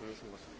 Комисията.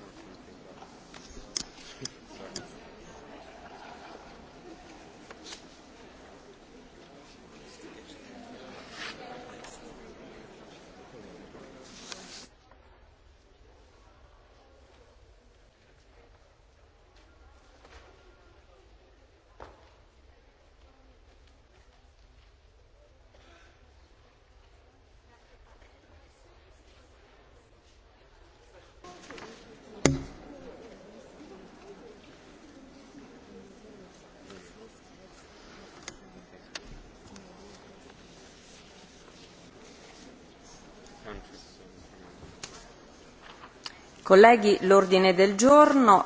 Колеги, l'ordine del giorno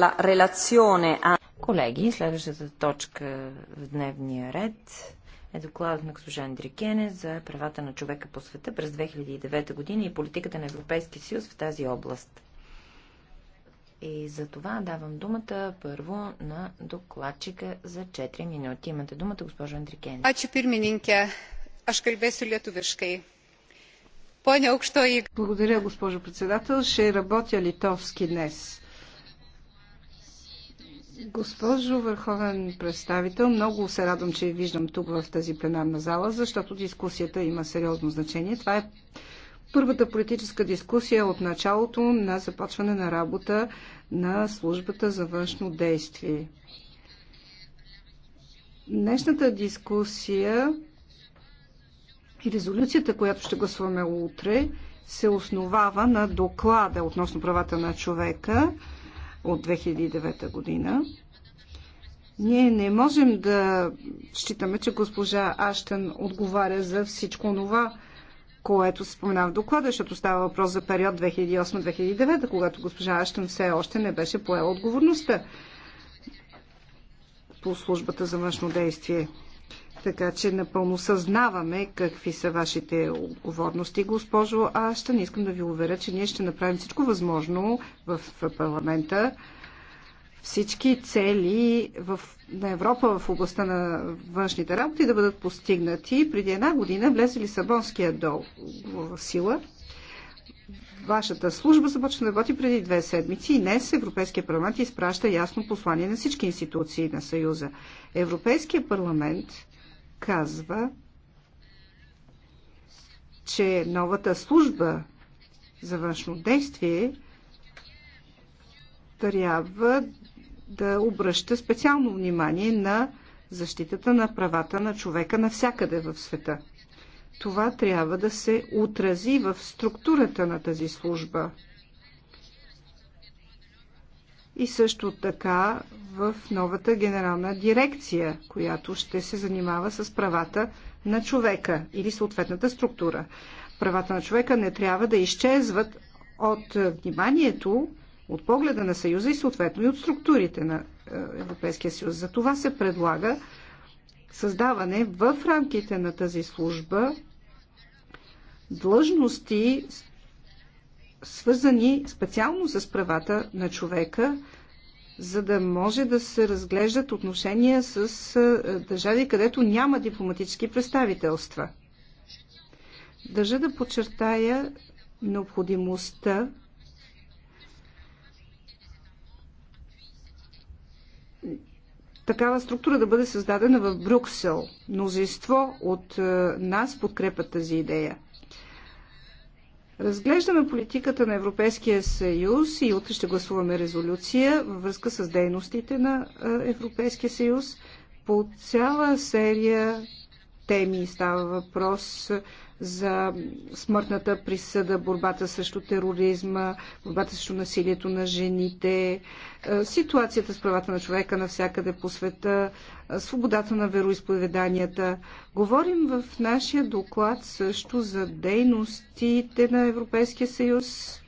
la relazione a... Колеги, следващата точка в дневния ред е докладът на госпожа Андрикене за правата на човека по света през 2009 година и политиката на Европейския съюз в тази област. И за това давам думата първо на докладчика за 4 минути. Имате думата, госпожа Андрикене. Ačiū pirmininkė. Aš kalbėsiu lietuviškai. Благодаря, госпожо председател. Ще работя литовски днес. Госпожо Върховен представител, много се радвам, че ви виждам тук в тази пленарна зала, защото дискусията има сериозно значение. Това е първата политическа дискусия от началото на започване на работа на службата за външно действие. Днешната дискусия и резолюцията, която ще гласуваме утре, се основава на доклада относно правата на човека от 2009 година. Ние не можем да считаме, че госпожа Аштън отговаря за всичко това, което се споменава в доклада, защото става въпрос за период 2008-2009, когато госпожа Аштън все още не беше поела отговорността по службата за външно действие. Така че напълно съзнаваме какви са вашите отговорности, госпожо ще Не искам да ви уверя, че ние ще направим всичко възможно в парламента. Всички цели в, на Европа в областта на външните работи да бъдат постигнати. Преди една година влезе Лисабонския дол в сила. Вашата служба започна да работи преди две седмици и днес Европейския парламент изпраща ясно послание на всички институции на Съюза. Европейския парламент казва, че новата служба за външно действие трябва да обръща специално внимание на защитата на правата на човека навсякъде в света. Това трябва да се отрази в структурата на тази служба и също така в новата генерална дирекция, която ще се занимава с правата на човека или съответната структура. Правата на човека не трябва да изчезват от вниманието, от погледа на Съюза и съответно и от структурите на е, Европейския съюз. За това се предлага създаване в рамките на тази служба длъжности, свързани специално с правата на човека, за да може да се разглеждат отношения с е, държави, където няма дипломатически представителства. Държа да подчертая необходимостта такава структура да бъде създадена в Брюксел. Мнозинство от е, нас подкрепят тази идея. Разглеждаме политиката на Европейския съюз и утре ще гласуваме резолюция във връзка с дейностите на Европейския съюз. По цяла серия теми става въпрос за смъртната присъда, борбата срещу тероризма, борбата срещу насилието на жените, е, ситуацията с правата на човека навсякъде по света, е, свободата на вероисповеданията. Говорим в нашия доклад също за дейностите на Европейския съюз е,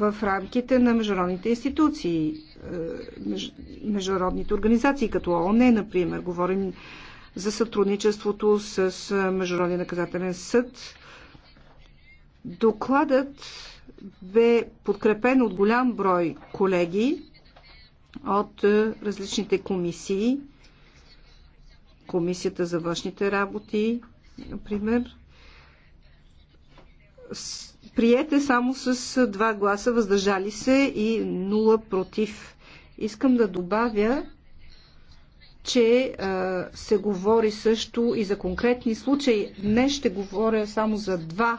в рамките на международните институции, международните организации, като ООН, например. Говорим за сътрудничеството с Международния наказателен съд. Докладът бе подкрепен от голям брой колеги от различните комисии. Комисията за външните работи, например. Приете само с два гласа въздържали се и нула против. Искам да добавя, че а, се говори също и за конкретни случаи. Днес ще говоря само за два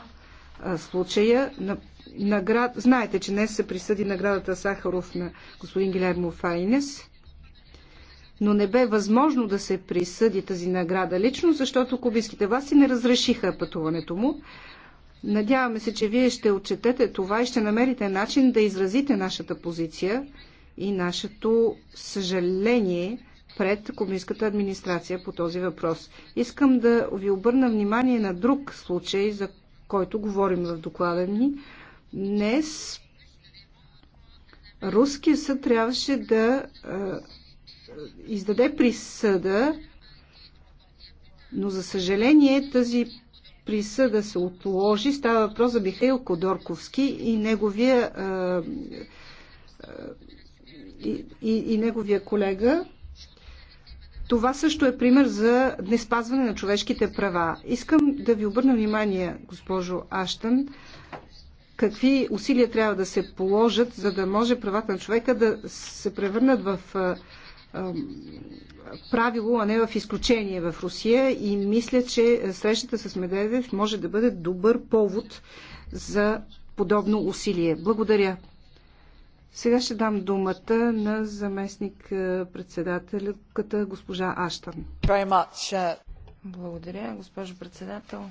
а, случая. На, наград... Знаете, че днес се присъди наградата Сахаров на господин Гилермо Файнес, но не бе възможно да се присъди тази награда лично, защото кубинските власти не разрешиха пътуването му. Надяваме се, че вие ще отчетете това и ще намерите начин да изразите нашата позиция и нашето съжаление – пред Комисската администрация по този въпрос. Искам да ви обърна внимание на друг случай, за който говорим в доклада ни. Днес Руския съд трябваше да е, издаде присъда, но за съжаление тази присъда се отложи. Става въпрос за Михаил Кодорковски и неговия, е, и, и, и неговия колега. Това също е пример за неспазване на човешките права. Искам да ви обърна внимание, госпожо Аштън, какви усилия трябва да се положат, за да може правата на човека да се превърнат в правило, а не в изключение в Русия и мисля, че срещата с Медведев може да бъде добър повод за подобно усилие. Благодаря. Сега ще дам думата на заместник е, председателката госпожа Аштан. Е. Благодаря, госпожо председател.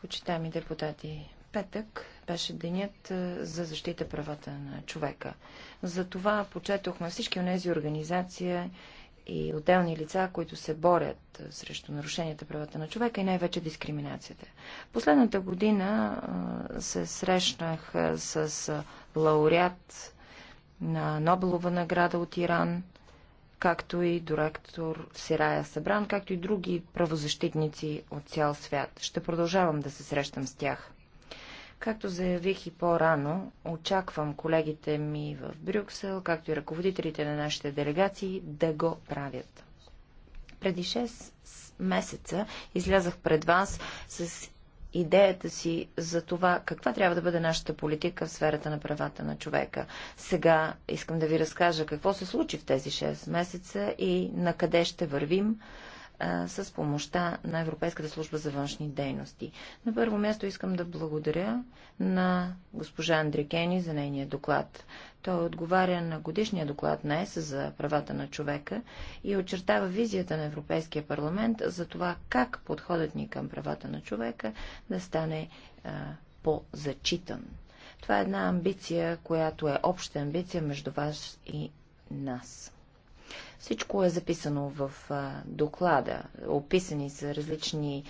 Почитаеми депутати, петък беше денят е, за защита правата на човека. За това почетохме всички от тези организации, и отделни лица, които се борят срещу нарушенията правата на човека и най-вече дискриминацията. Последната година се срещнах с лауреат на Нобелова награда от Иран, както и директор Сирая Сабран, както и други правозащитници от цял свят. Ще продължавам да се срещам с тях. Както заявих и по-рано, очаквам колегите ми в Брюксел, както и ръководителите на нашите делегации, да го правят. Преди 6 месеца излязах пред вас с идеята си за това каква трябва да бъде нашата политика в сферата на правата на човека. Сега искам да ви разкажа какво се случи в тези 6 месеца и на къде ще вървим а, с помощта на Европейската служба за външни дейности. На първо място искам да благодаря на госпожа Кени за нейния доклад. Той отговаря на годишния доклад на ЕС за правата на човека и очертава визията на Европейския парламент за това как подходът ни към правата на човека да стане а, по-зачитан. Това е една амбиция, която е обща амбиция между вас и нас. Всичко е записано в доклада. Описани са различни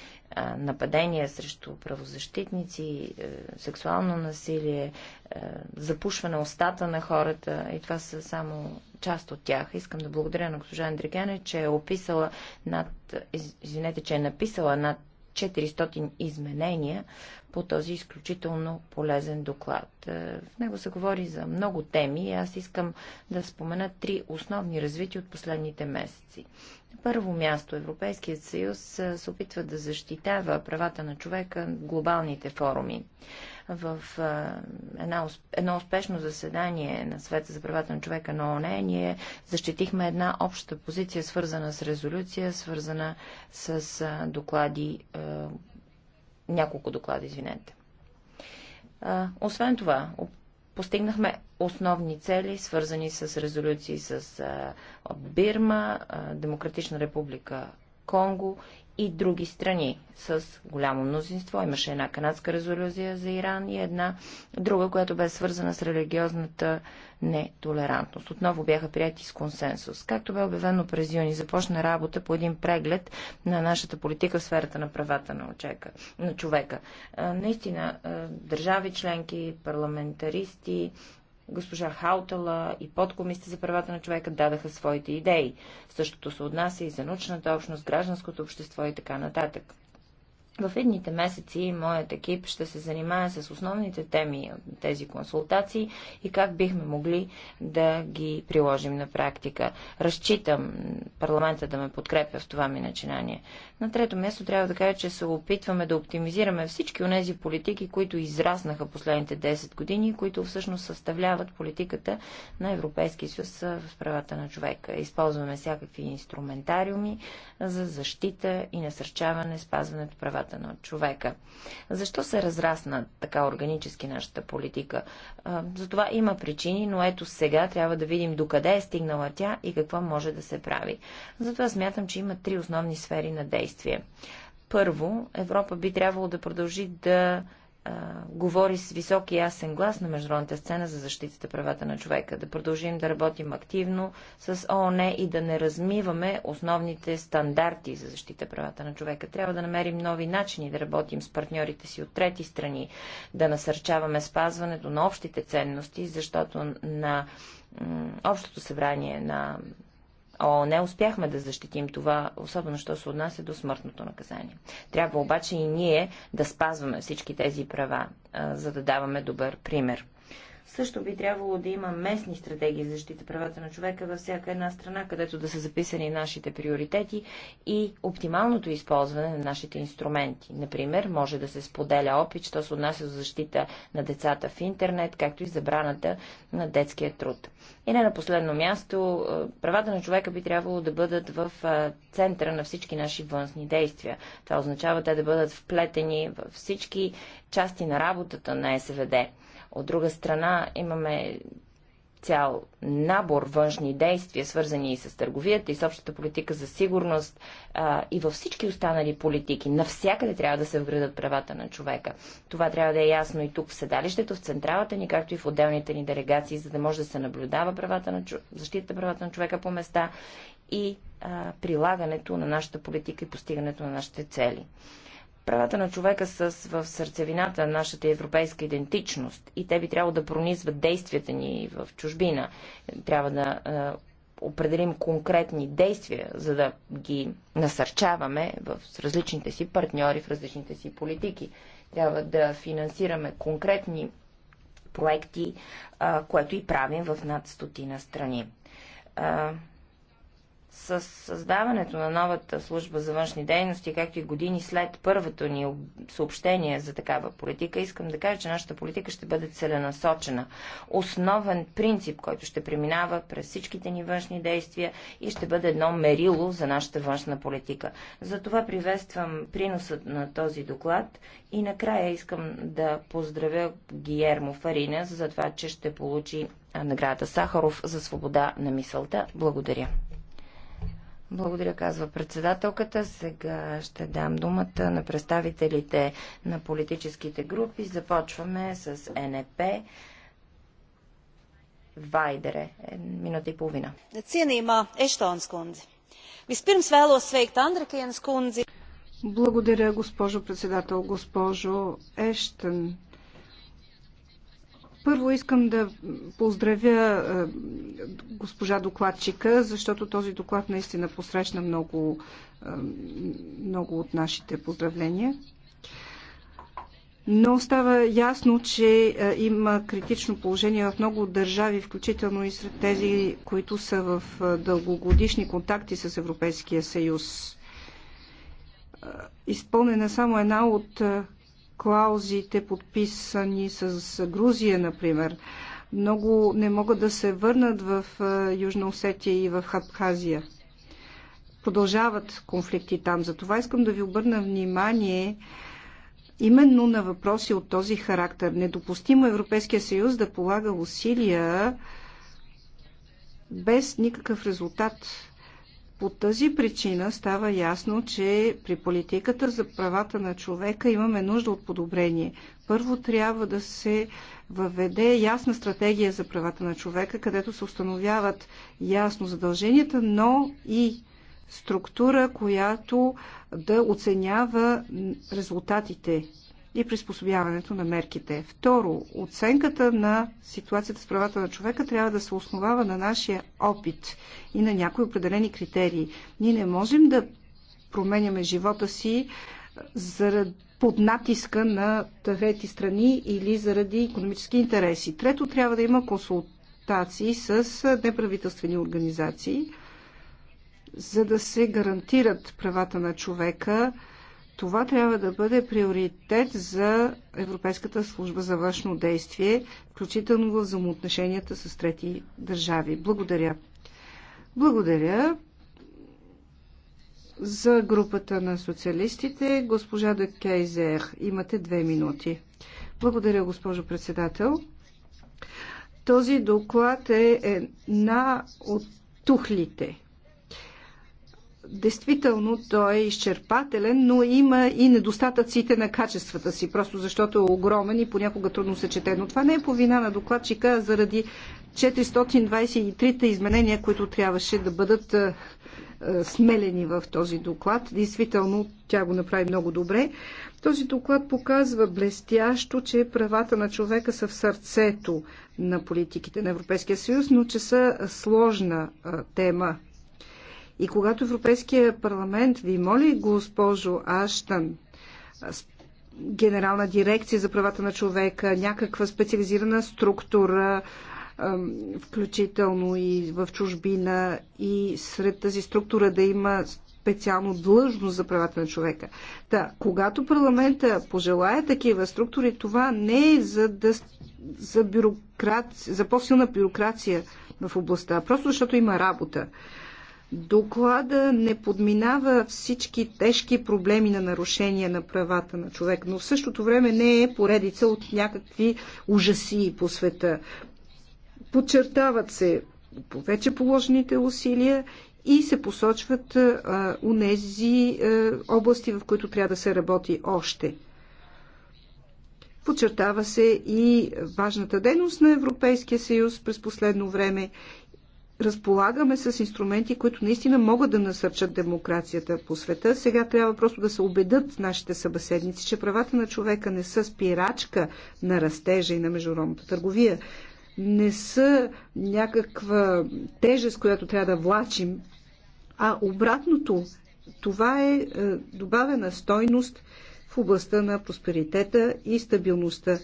нападения срещу правозащитници, е, сексуално насилие, е, запушване устата на хората и това са само част от тях. Искам да благодаря на госпожа Андрегене, че е описала над, извинете, че е написала над 400 изменения по този изключително полезен доклад. Е, в него се говори за много теми и аз искам да спомена три основни развития от последните месеци. На първо място Европейският съюз е, се опитва да защитава правата на човека в глобалните форуми в една, едно успешно заседание на Света за правата на човека на ОНЕ, ние защитихме една обща позиция, свързана с резолюция, свързана с доклади, няколко доклада, извинете. Освен това, постигнахме основни цели, свързани с резолюции с Бирма, Демократична република Конго и други страни с голямо мнозинство. Имаше една канадска резолюция за Иран и една друга, която бе свързана с религиозната нетолерантност. Отново бяха прияти с консенсус. Както бе обявено през юни, започна работа по един преглед на нашата политика в сферата на правата на, очека, на човека. Наистина, държави членки, парламентаристи, Госпожа Хаутала и подкомисията за правата на човека дадаха своите идеи. Същото се отнася и за научната общност, гражданското общество и така нататък. В едните месеци моят екип ще се занимае с основните теми от тези консултации и как бихме могли да ги приложим на практика. Разчитам парламента да ме подкрепя в това ми начинание. На трето място трябва да кажа, че се опитваме да оптимизираме всички от тези политики, които израснаха последните 10 години, които всъщност съставляват политиката на Европейския съюз в правата на човека. Използваме всякакви инструментариуми за защита и насърчаване спазването правата правата на човека. Защо се разрасна така органически нашата политика? За това има причини, но ето сега трябва да видим докъде е стигнала тя и какво може да се прави. Затова смятам, че има три основни сфери на действие. Първо, Европа би трябвало да продължи да говори с висок и ясен глас на международната сцена за защитата правата на човека, да продължим да работим активно с ООН и да не размиваме основните стандарти за защита правата на човека. Трябва да намерим нови начини да работим с партньорите си от трети страни, да насърчаваме спазването на общите ценности, защото на Общото събрание на ООН успяхме да защитим това, особено що се отнася до смъртното наказание. Трябва обаче и ние да спазваме всички тези права, за да даваме добър пример. Също би трябвало да има местни стратегии за защита правата на човека във всяка една страна, където да са записани нашите приоритети и оптималното използване на нашите инструменти. Например, може да се споделя опит, що се отнася за защита на децата в интернет, както и забраната на детския труд. И не на последно място, е, правата на човека би трябвало да бъдат в е, центъра на всички наши външни действия. Това означава те да бъдат вплетени във всички части на работата на СВД. От друга страна имаме цял набор външни действия, свързани и с търговията, и с общата политика за сигурност, а, и във всички останали политики. Навсякъде трябва да се вградат правата на човека. Това трябва да е ясно и тук в седалището, в централата ни, както и в отделните ни делегации, за да може да се наблюдава правата на, защита правата на човека по места и а, прилагането на нашата политика и постигането на нашите цели. Правата на човека са в сърцевината на нашата европейска идентичност и те би трябвало да пронизват действията ни в чужбина. Трябва да определим конкретни действия, за да ги насърчаваме в различните си партньори, в различните си политики. Трябва да финансираме конкретни проекти, което и правим в над стотина страни. С създаването на новата служба за външни дейности, както и години след първото ни съобщение за такава политика, искам да кажа, че нашата политика ще бъде целенасочена. Основен принцип, който ще преминава през всичките ни външни действия и ще бъде едно мерило за нашата външна политика. Затова приветствам приносът на този доклад и накрая искам да поздравя Гиермо Фарина за това, че ще получи наградата Сахаров за свобода на мисълта. Благодаря. Благодаря, казва председателката. Сега ще дам думата на представителите на политическите групи. Започваме с НП. Вайдере. Минута и половина. Ценима Ештонс кунзи. с вело свейкт Андрекиенс кунзи. Благодаря, госпожо председател. Госпожо Ештън, първо искам да поздравя е, госпожа докладчика, защото този доклад наистина посрещна много, е, много от нашите поздравления. Но става ясно, че е, има критично положение в много държави, включително и сред тези, които са в дългогодишни контакти с Европейския съюз. Изпълнена само една от клаузите, подписани с Грузия, например. Много не могат да се върнат в Южна Осетия и в Хабхазия. Продължават конфликти там. Затова искам да ви обърна внимание именно на въпроси от този характер. Недопустимо е Европейския съюз да полага усилия без никакъв резултат по тази причина става ясно, че при политиката за правата на човека имаме нужда от подобрение. Първо трябва да се въведе ясна стратегия за правата на човека, където се установяват ясно задълженията, но и структура, която да оценява резултатите и приспособяването на мерките. Второ, оценката на ситуацията с правата на човека трябва да се основава на нашия опит и на някои определени критерии. Ние не можем да променяме живота си заради под натиска на трети страни или заради економически интереси. Трето, трябва да има консултации с неправителствени организации, за да се гарантират правата на човека това трябва да бъде приоритет за Европейската служба за външно действие, включително в взаимоотношенията с трети държави. Благодаря. Благодаря за групата на социалистите. Госпожа Де Кейзер, имате две минути. Благодаря, госпожо председател. Този доклад е една от тухлите Действително той е изчерпателен, но има и недостатъците на качествата си, просто защото е огромен и понякога трудно се чете. Но това не е по вина на докладчика, а заради 423 та изменения, които трябваше да бъдат е, е, смелени в този доклад. Действително, тя го направи много добре. Този доклад показва блестящо, че правата на човека са в сърцето на политиките на Европейския съюз, но че са сложна е, тема и когато Европейския парламент ви моли, госпожо Аштан, Генерална дирекция за правата на човека, някаква специализирана структура, включително и в чужбина, и сред тази структура да има специално длъжност за правата на човека. Та, когато парламента пожелая такива структури, това не е за, да, за, за по-силна бюрокрация в областта, просто защото има работа. Доклада не подминава всички тежки проблеми на нарушения на правата на човек, но в същото време не е поредица от някакви ужаси по света. Подчертават се повече положените усилия и се посочват а, унези а, области, в които трябва да се работи още. Подчертава се и важната дейност на Европейския съюз през последно време разполагаме с инструменти, които наистина могат да насърчат демокрацията по света. Сега трябва просто да се убедят нашите събеседници, че правата на човека не са спирачка на растежа и на международната търговия. Не са някаква тежест, която трябва да влачим, а обратното, това е, е добавена стойност в областта на просперитета и стабилността.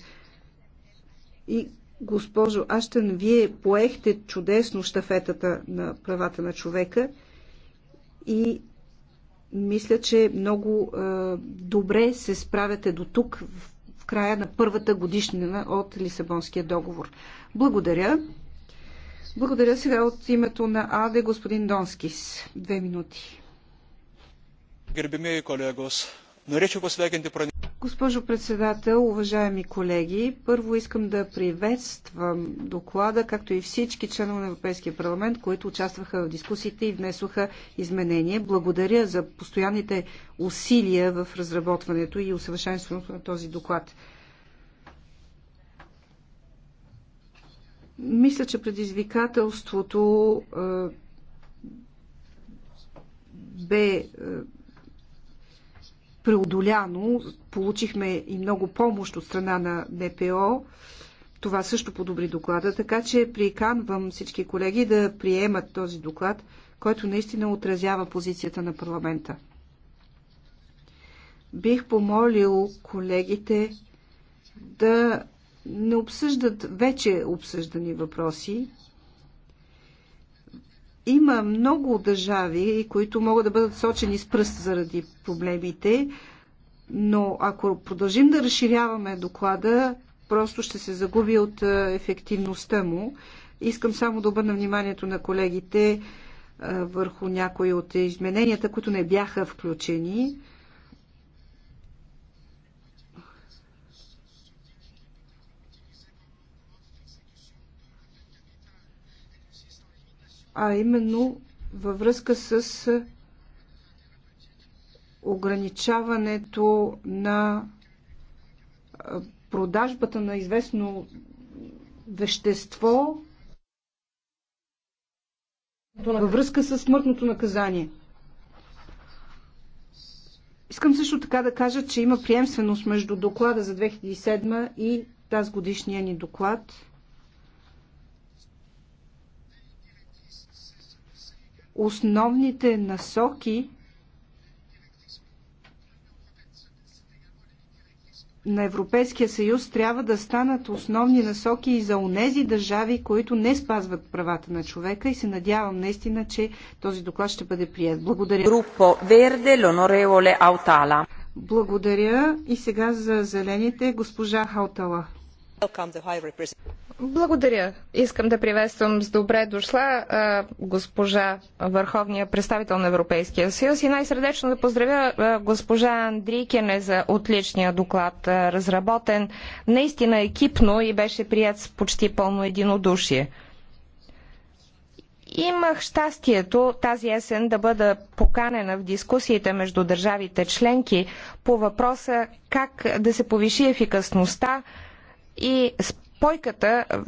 И Госпожо Аштън, вие поехте чудесно щафетата на правата на човека и мисля, че много е, добре се справяте до тук в края на първата годишнина от Лисабонския договор. Благодаря. Благодаря сега от името на АДЕ господин Донскис. Две минути. Гербимия колегос, наречу посвегенте прони... Госпожо председател, уважаеми колеги, първо искам да приветствам доклада, както и всички членове на Европейския парламент, които участваха в дискусиите и внесоха изменения. Благодаря за постоянните усилия в разработването и усъвършенстването на този доклад. Мисля, че предизвикателството е, бе. Е, преодоляно. Получихме и много помощ от страна на НПО. Това също подобри доклада, така че приканвам всички колеги да приемат този доклад, който наистина отразява позицията на парламента. Бих помолил колегите да не обсъждат вече обсъждани въпроси, има много държави, които могат да бъдат сочени с пръст заради проблемите, но ако продължим да разширяваме доклада, просто ще се загуби от е, ефективността му. Искам само да обърна вниманието на колегите е, върху някои от измененията, които не бяха включени. а именно във връзка с ограничаването на продажбата на известно вещество във връзка с смъртното наказание. Искам също така да кажа, че има приемственост между доклада за 2007 и тази годишния ни доклад. основните насоки на Европейския съюз трябва да станат основни насоки и за унези държави, които не спазват правата на човека и се надявам наистина, че този доклад ще бъде прият. Благодаря. Групо Верде, Лонореволе Аутала. Благодаря и сега за зелените госпожа Хаутала. Благодаря. Искам да приветствам с добре дошла а, госпожа Върховния представител на Европейския съюз и най-сърдечно да поздравя а, госпожа Андрикене за отличния доклад, а, разработен наистина екипно и беше прият с почти пълно единодушие. Имах щастието тази есен да бъда поканена в дискусиите между държавите членки по въпроса как да се повиши ефикасността и спойката в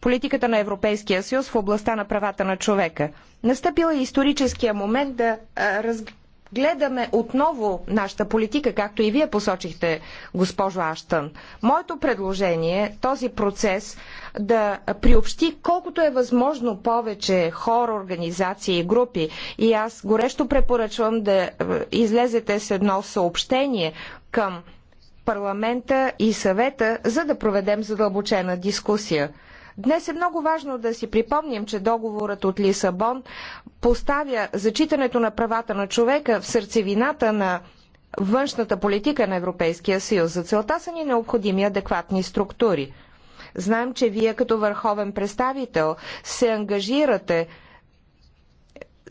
политиката на Европейския съюз в областта на правата на човека. Настъпил е историческия момент да разгледаме отново нашата политика, както и вие посочихте, госпожо Аштън. Моето предложение е този процес да приобщи колкото е възможно повече хора, организации и групи. И аз горещо препоръчвам да излезете с едно съобщение към парламента и съвета, за да проведем задълбочена дискусия. Днес е много важно да си припомним, че договорът от Лисабон поставя зачитането на правата на човека в сърцевината на външната политика на Европейския съюз. За целта са ни необходими адекватни структури. Знаем, че вие като върховен представител се ангажирате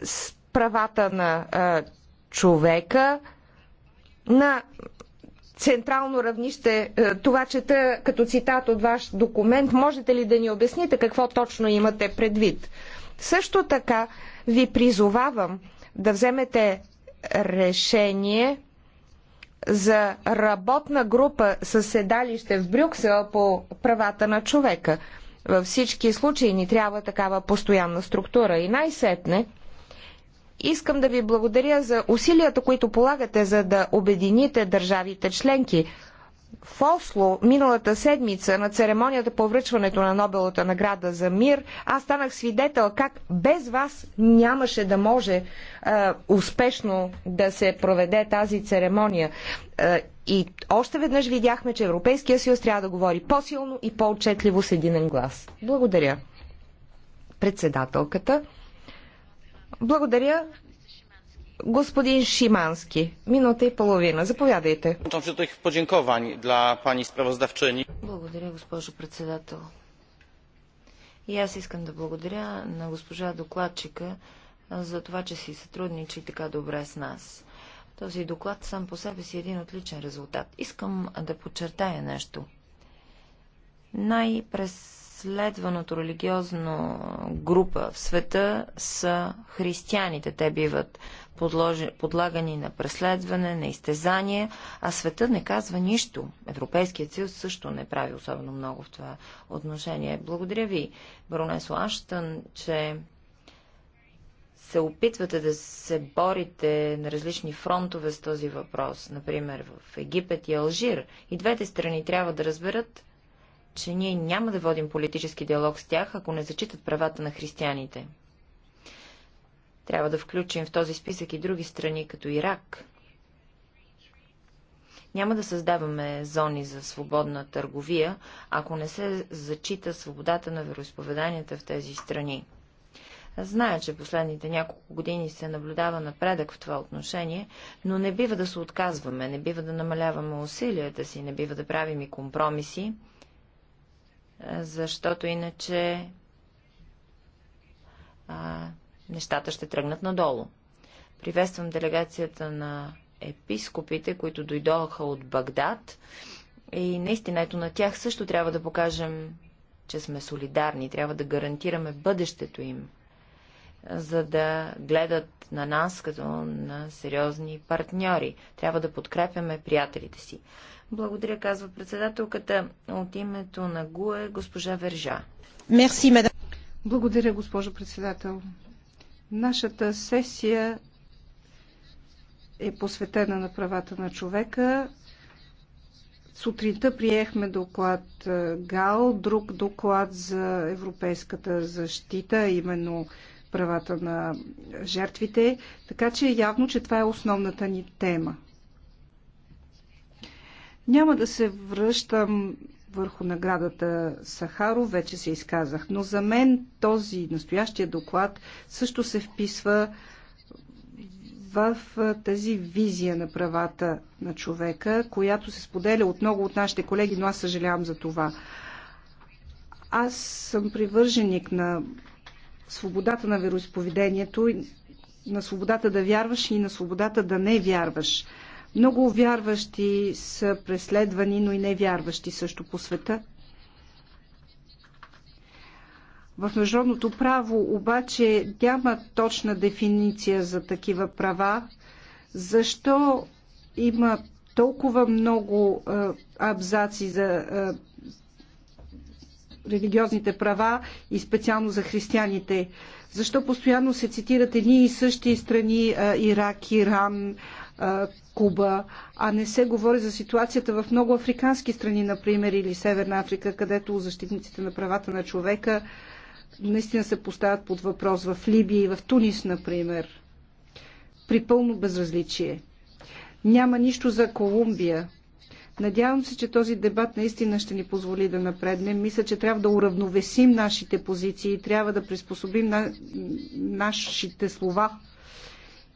с правата на а, човека, на централно равнище. Е, това чета като цитат от ваш документ. Можете ли да ни обясните какво точно имате предвид? Също така ви призовавам да вземете решение за работна група със седалище в Брюксел по правата на човека. Във всички случаи ни трябва такава постоянна структура. И най-сетне, Искам да ви благодаря за усилията, които полагате, за да обедините държавите членки. В Осло миналата седмица на церемонията по връчването на Нобелата награда за мир, аз станах свидетел как без вас нямаше да може е, успешно да се проведе тази церемония. Е, и още веднъж видяхме, че Европейския съюз трябва да говори по-силно и по-отчетливо с единен глас. Благодаря. Председателката. Благодаря. Господин Шимански, минута и половина. Заповядайте. Благодаря, госпожо председател. И аз искам да благодаря на госпожа докладчика за това, че си сътрудничи така добре с нас. Този доклад сам по себе си е един отличен резултат. Искам да подчертая нещо. Най-през следваното религиозно група в света са християните. Те биват подложи, подлагани на преследване, на изтезание, а света не казва нищо. Европейският съюз също не прави особено много в това отношение. Благодаря ви, баронесо Аштън, че се опитвате да се борите на различни фронтове с този въпрос, например в Египет и Алжир. И двете страни трябва да разберат, че ние няма да водим политически диалог с тях, ако не зачитат правата на християните. Трябва да включим в този списък и други страни, като Ирак. Няма да създаваме зони за свободна търговия, ако не се зачита свободата на вероисповеданията в тези страни. Зная, че последните няколко години се наблюдава напредък в това отношение, но не бива да се отказваме, не бива да намаляваме усилията си, не бива да правим и компромиси, защото иначе а, нещата ще тръгнат надолу. Приветствам делегацията на епископите, които дойдоха от Багдад и наистина ето на тях също трябва да покажем, че сме солидарни, трябва да гарантираме бъдещето им, за да гледат на нас като на сериозни партньори. Трябва да подкрепяме приятелите си. Благодаря, казва председателката. От името на ГУЕ, госпожа Вержа. Мерси, мадам. Благодаря, госпожо председател. Нашата сесия е посветена на правата на човека. Сутринта приехме доклад е, ГАЛ, друг доклад за европейската защита, именно правата на жертвите. Така че е явно, че това е основната ни тема. Няма да се връщам върху наградата Сахаро, вече се изказах, но за мен този настоящия доклад също се вписва в тази визия на правата на човека, която се споделя от много от нашите колеги, но аз съжалявам за това. Аз съм привърженик на свободата на вероисповедението, на свободата да вярваш и на свободата да не вярваш. Много вярващи са преследвани, но и невярващи също по света. В международното право обаче няма точна дефиниция за такива права. Защо има толкова много абзаци за религиозните права и специално за християните? Защо постоянно се цитират едни и същи страни Ирак, Иран, Куба, а не се говори за ситуацията в много африкански страни, например, или Северна Африка, където защитниците на правата на човека наистина се поставят под въпрос в Либия и в Тунис, например, при пълно безразличие. Няма нищо за Колумбия. Надявам се, че този дебат наистина ще ни позволи да напреднем. Мисля, че трябва да уравновесим нашите позиции, трябва да приспособим на... нашите слова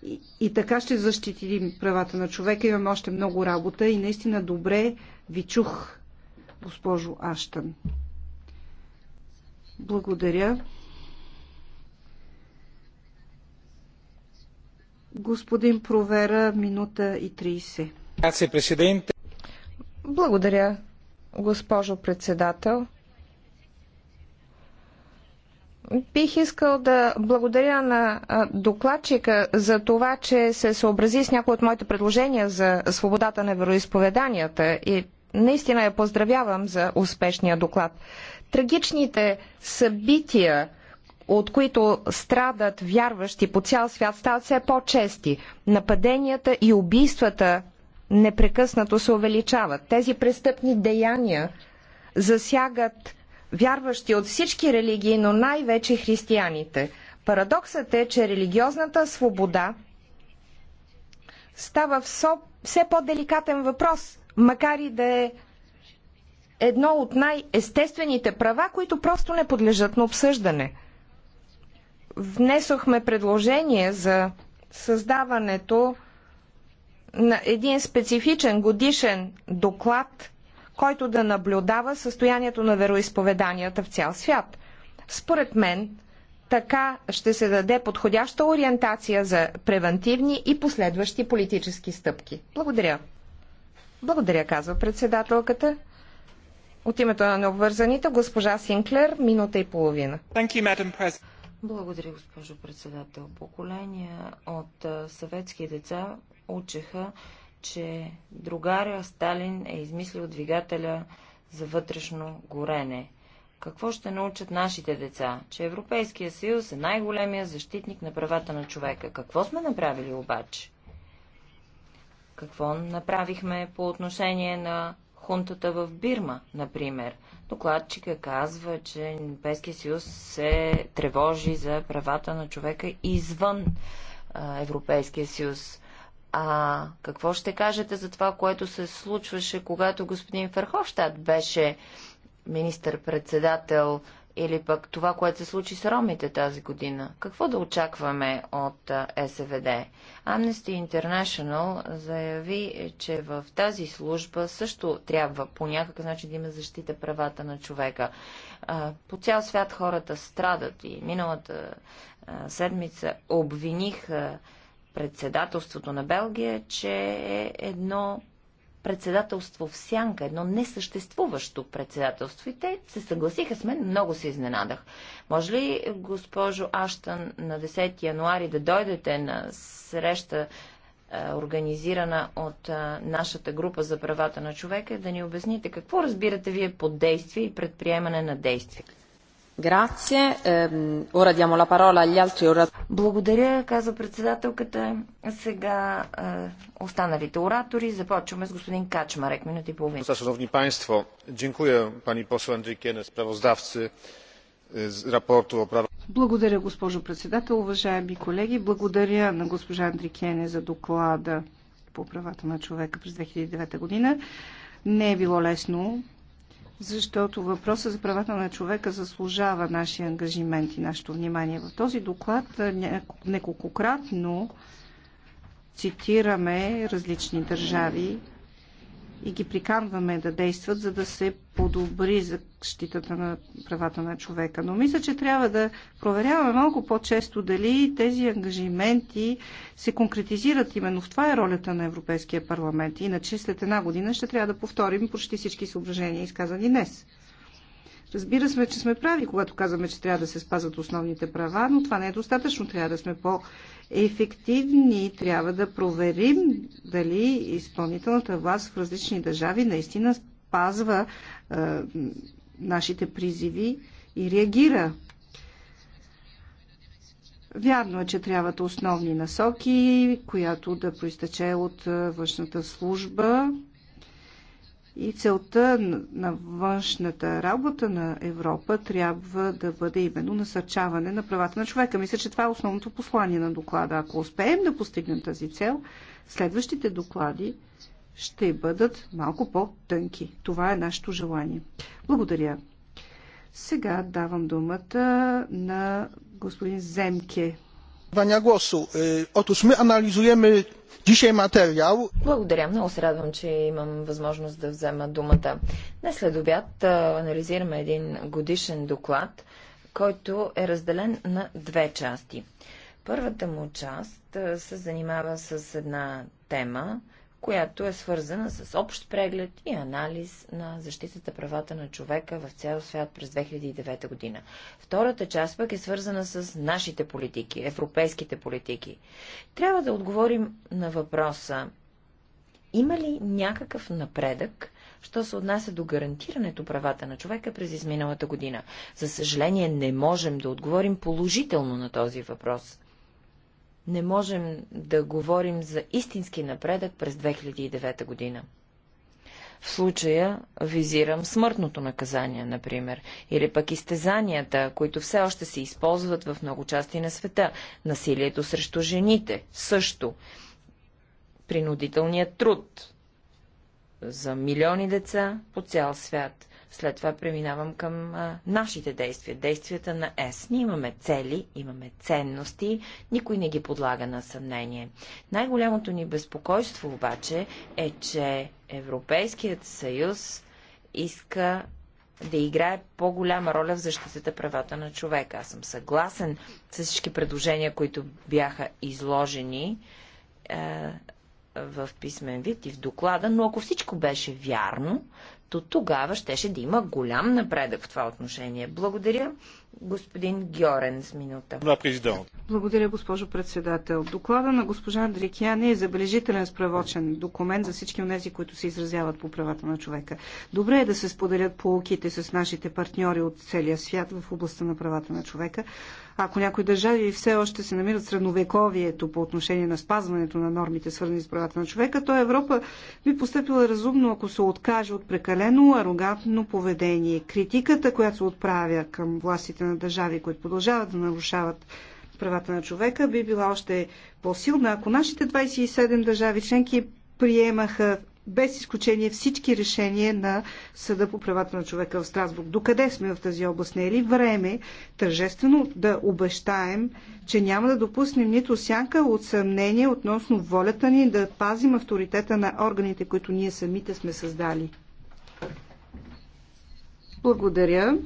и, и така ще защитим правата на човека. Имаме още много работа и наистина добре ви чух, госпожо Аштан. Благодаря. Господин Провера, минута и 30. Благодаря, госпожо председател. Бих искал да благодаря на докладчика за това, че се съобрази с някои от моите предложения за свободата на вероисповеданията и наистина я поздравявам за успешния доклад. Трагичните събития, от които страдат вярващи по цял свят, стават все по-чести. Нападенията и убийствата непрекъснато се увеличават. Тези престъпни деяния засягат вярващи от всички религии, но най-вече християните. Парадоксът е, че религиозната свобода става все по-деликатен въпрос, макар и да е едно от най-естествените права, които просто не подлежат на обсъждане. Внесохме предложение за създаването на един специфичен годишен доклад който да наблюдава състоянието на вероисповеданията в цял свят. Според мен, така ще се даде подходяща ориентация за превентивни и последващи политически стъпки. Благодаря. Благодаря, казва председателката. От името на необвързаните, госпожа Синклер, минута и половина. You, Благодаря, госпожо председател. Поколения от съветски деца учеха че другаря Сталин е измислил двигателя за вътрешно горене. Какво ще научат нашите деца? Че Европейския съюз е най-големия защитник на правата на човека. Какво сме направили обаче? Какво направихме по отношение на хунтата в Бирма, например? Докладчика казва, че Европейския съюз се тревожи за правата на човека извън Европейския съюз. А какво ще кажете за това, което се случваше, когато господин Ферховщад беше министър-председател или пък това, което се случи с ромите тази година? Какво да очакваме от СВД? Amnesty International заяви, че в тази служба също трябва по някакъв начин да има защита правата на човека. По цял свят хората страдат и миналата седмица обвиних председателството на Белгия, че е едно председателство в сянка, едно несъществуващо председателство. И те се съгласиха с мен, много се изненадах. Може ли, госпожо Аштан, на 10 януари да дойдете на среща, е, организирана от е, нашата група за правата на човека, да ни обясните какво разбирате вие под действие и предприемане на действие? Ehm, благодаря, каза председателката. Сега е, останалите оратори. Започваме с господин Качмарек. Минути и половина. Благодаря, госпожо председател. Уважаеми колеги, благодаря на госпожа Андрикене за доклада по правата на човека през 2009 година. Не е било лесно защото въпросът за правата на човека заслужава нашия ангажимент и нашето внимание. В този доклад неколкократно цитираме различни държави, и ги приканваме да действат, за да се подобри защитата на правата на човека. Но мисля, че трябва да проверяваме малко по-често дали тези ангажименти се конкретизират именно в това е ролята на Европейския парламент. Иначе след една година ще трябва да повторим почти всички съображения, изказани днес. Разбира се, че сме прави, когато казваме, че трябва да се спазват основните права, но това не е достатъчно. Трябва да сме по- ефективни. Трябва да проверим дали изпълнителната власт в различни държави наистина спазва е, нашите призиви и реагира. Вярно е, че трябват основни насоки, която да проистече от е, външната служба и целта на външната работа на Европа трябва да бъде именно насърчаване на правата на човека. Мисля, че това е основното послание на доклада. Ако успеем да постигнем тази цел, следващите доклади ще бъдат малко по-тънки. Това е нашето желание. Благодаря. Сега давам думата на господин Земке. Благодаря. Много се радвам, че имам възможност да взема думата. Днес след обяд анализираме един годишен доклад, който е разделен на две части. Първата му част се занимава с една тема, която е свързана с общ преглед и анализ на защитата правата на човека в цял свят през 2009 година. Втората част пък е свързана с нашите политики, европейските политики. Трябва да отговорим на въпроса има ли някакъв напредък, що се отнася до гарантирането правата на човека през изминалата година? За съжаление, не можем да отговорим положително на този въпрос не можем да говорим за истински напредък през 2009 година. В случая визирам смъртното наказание, например, или пък изтезанията, които все още се използват в много части на света, насилието срещу жените също, принудителният труд за милиони деца по цял свят. След това преминавам към а, нашите действия, действията на ЕС. Ние имаме цели, имаме ценности, никой не ги подлага на съмнение. Най-голямото ни безпокойство обаче е, че Европейският съюз иска да играе по-голяма роля в защитата правата на човека. Аз съм съгласен с всички предложения, които бяха изложени е, в писмен вид и в доклада, но ако всичко беше вярно, то тогава щеше да има голям напредък в това отношение. Благодаря. Господин Гьорен с минута. Благодаря, госпожо председател. Доклада на госпожа Андрикияни е забележителен справочен документ за всички от тези, които се изразяват по правата на човека. Добре е да се споделят полуките с нашите партньори от целия свят в областта на правата на човека. Ако някои държави все още се намират в средновековието по отношение на спазването на нормите, свързани с правата на човека, то Европа би поступила разумно, ако се откаже от прекалено арогантно поведение. Критиката, която се отправя към властите лидерите на държави, които продължават да нарушават правата на човека, би била още по-силна, ако нашите 27 държави членки приемаха без изключение всички решения на Съда по правата на човека в Страсбург. Докъде сме в тази област? Не е ли време тържествено да обещаем, че няма да допуснем нито сянка от съмнение относно волята ни да пазим авторитета на органите, които ние самите сме създали? Благодаря.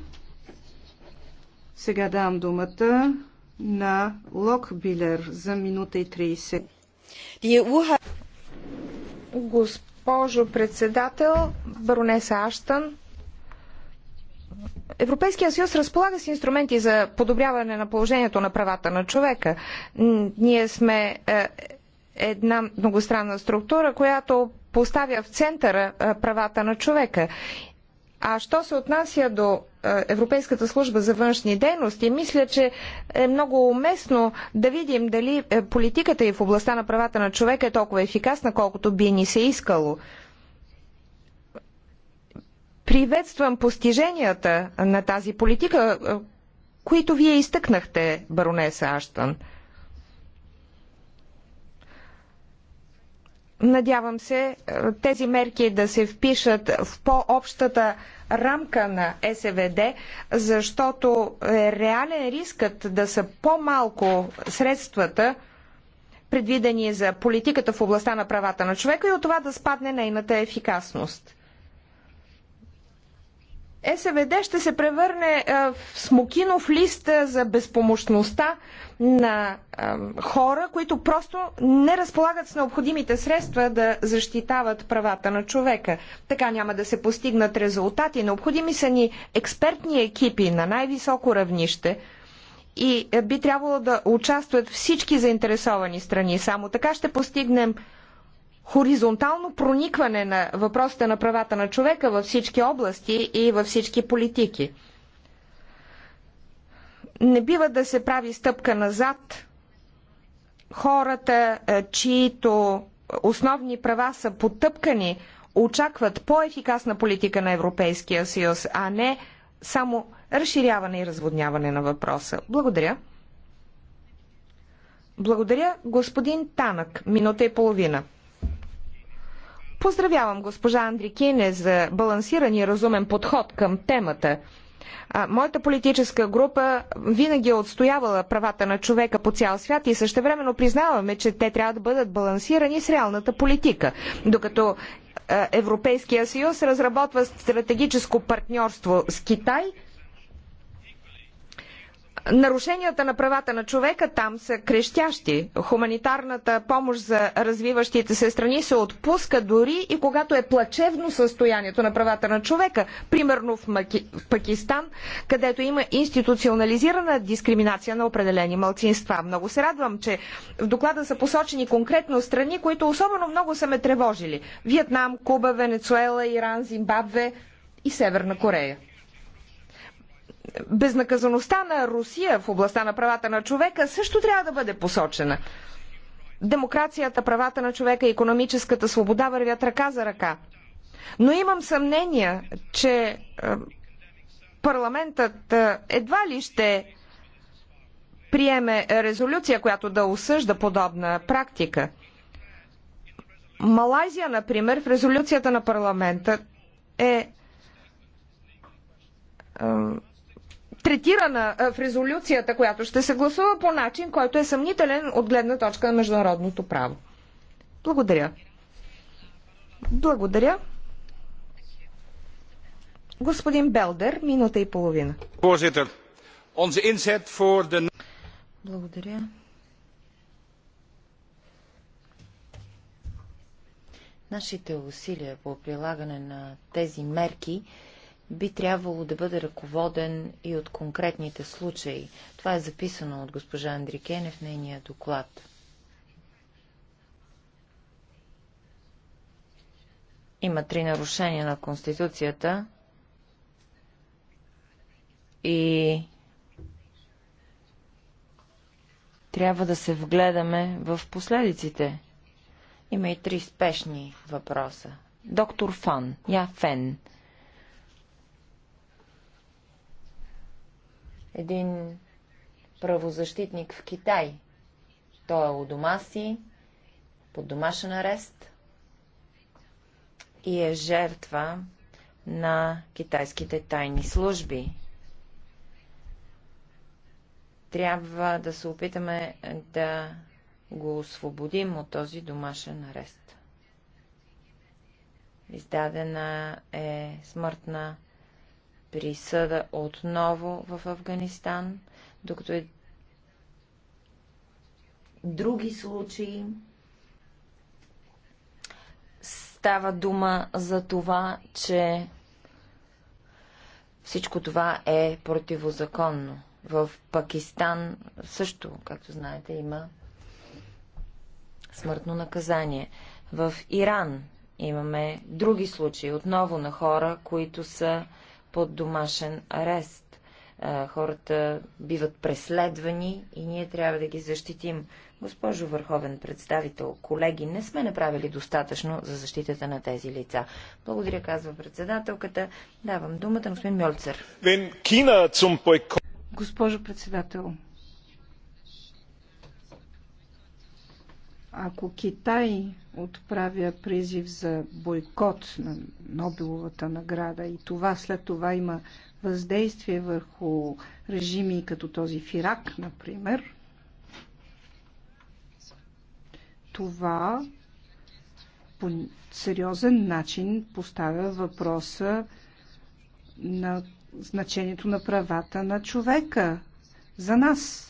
Сега давам думата на Локбилер за минута и 30. Госпожо председател, баронеса Аштън, Европейския съюз разполага с инструменти за подобряване на положението на правата на човека. Ние сме е, една многостранна структура, която поставя в центъра е, правата на човека. А що се отнася до е, Европейската служба за външни дейности, мисля, че е много уместно да видим дали е, политиката и в областта на правата на човека е толкова ефикасна, колкото би ни се искало. Приветствам постиженията на тази политика, е, които вие изтъкнахте, баронеса Аштън. Надявам се е, тези мерки да се впишат в по-общата рамка на СВД, защото е реален рискът да са по-малко средствата, предвидени за политиката в областта на правата на човека и от това да спадне нейната ефикасност. СВД ще се превърне е, в смокинов лист е, за безпомощността на хора, които просто не разполагат с необходимите средства да защитават правата на човека. Така няма да се постигнат резултати. Необходими са ни експертни екипи на най-високо равнище и е, би трябвало да участват всички заинтересовани страни. Само така ще постигнем хоризонтално проникване на въпросите на правата на човека във всички области и във всички политики. Не бива да се прави стъпка назад. Хората, е, чието основни права са потъпкани, очакват по-ефикасна политика на Европейския съюз, а не само разширяване и разводняване на въпроса. Благодаря. Благодаря, господин Танък. Минута и половина. Поздравявам госпожа Андрикине за балансиран и разумен подход към темата. Моята политическа група винаги е отстоявала правата на човека по цял свят и същевременно признаваме, че те трябва да бъдат балансирани с реалната политика. Докато Европейския съюз разработва стратегическо партньорство с Китай – Нарушенията на правата на човека там са крещящи. Хуманитарната помощ за развиващите се страни се отпуска дори и когато е плачевно състоянието на правата на човека. Примерно в, Маки... в Пакистан, където има институционализирана дискриминация на определени малцинства. Много се радвам, че в доклада са посочени конкретно страни, които особено много са ме тревожили. Виетнам, Куба, Венецуела, Иран, Зимбабве и Северна Корея безнаказаността на Русия в областта на правата на човека също трябва да бъде посочена. Демокрацията, правата на човека и економическата свобода вървят ръка за ръка. Но имам съмнение, че е, парламентът е, едва ли ще приеме резолюция, която да осъжда подобна практика. Малайзия, например, в резолюцията на парламента е, е третирана в резолюцията, която ще се гласува по начин, който е съмнителен от гледна точка на международното право. Благодаря. Благодаря. Господин Белдер, минута и половина. Благодаря. Нашите усилия по прилагане на тези мерки би трябвало да бъде ръководен и от конкретните случаи. Това е записано от госпожа Андрикене в нейния доклад. Има три нарушения на Конституцията и трябва да се вгледаме в последиците. Има и три спешни въпроса. Доктор Фан, Я Фен, един правозащитник в Китай. Той е у дома си, под домашен арест и е жертва на китайските тайни служби. Трябва да се опитаме да го освободим от този домашен арест. Издадена е смъртна присъда отново в Афганистан, докато е други случаи става дума за това, че всичко това е противозаконно. В Пакистан също, както знаете, има смъртно наказание. В Иран имаме други случаи отново на хора, които са под домашен арест. Хората биват преследвани и ние трябва да ги защитим. Госпожо Върховен представител, колеги, не сме направили достатъчно за защитата на тези лица. Благодаря, казва председателката. Давам думата на господин Мьолцер. Госпожо председател, Ако Китай отправя призив за бойкот на Нобеловата награда и това след това има въздействие върху режими като този в Ирак, например, това по сериозен начин поставя въпроса на значението на правата на човека за нас.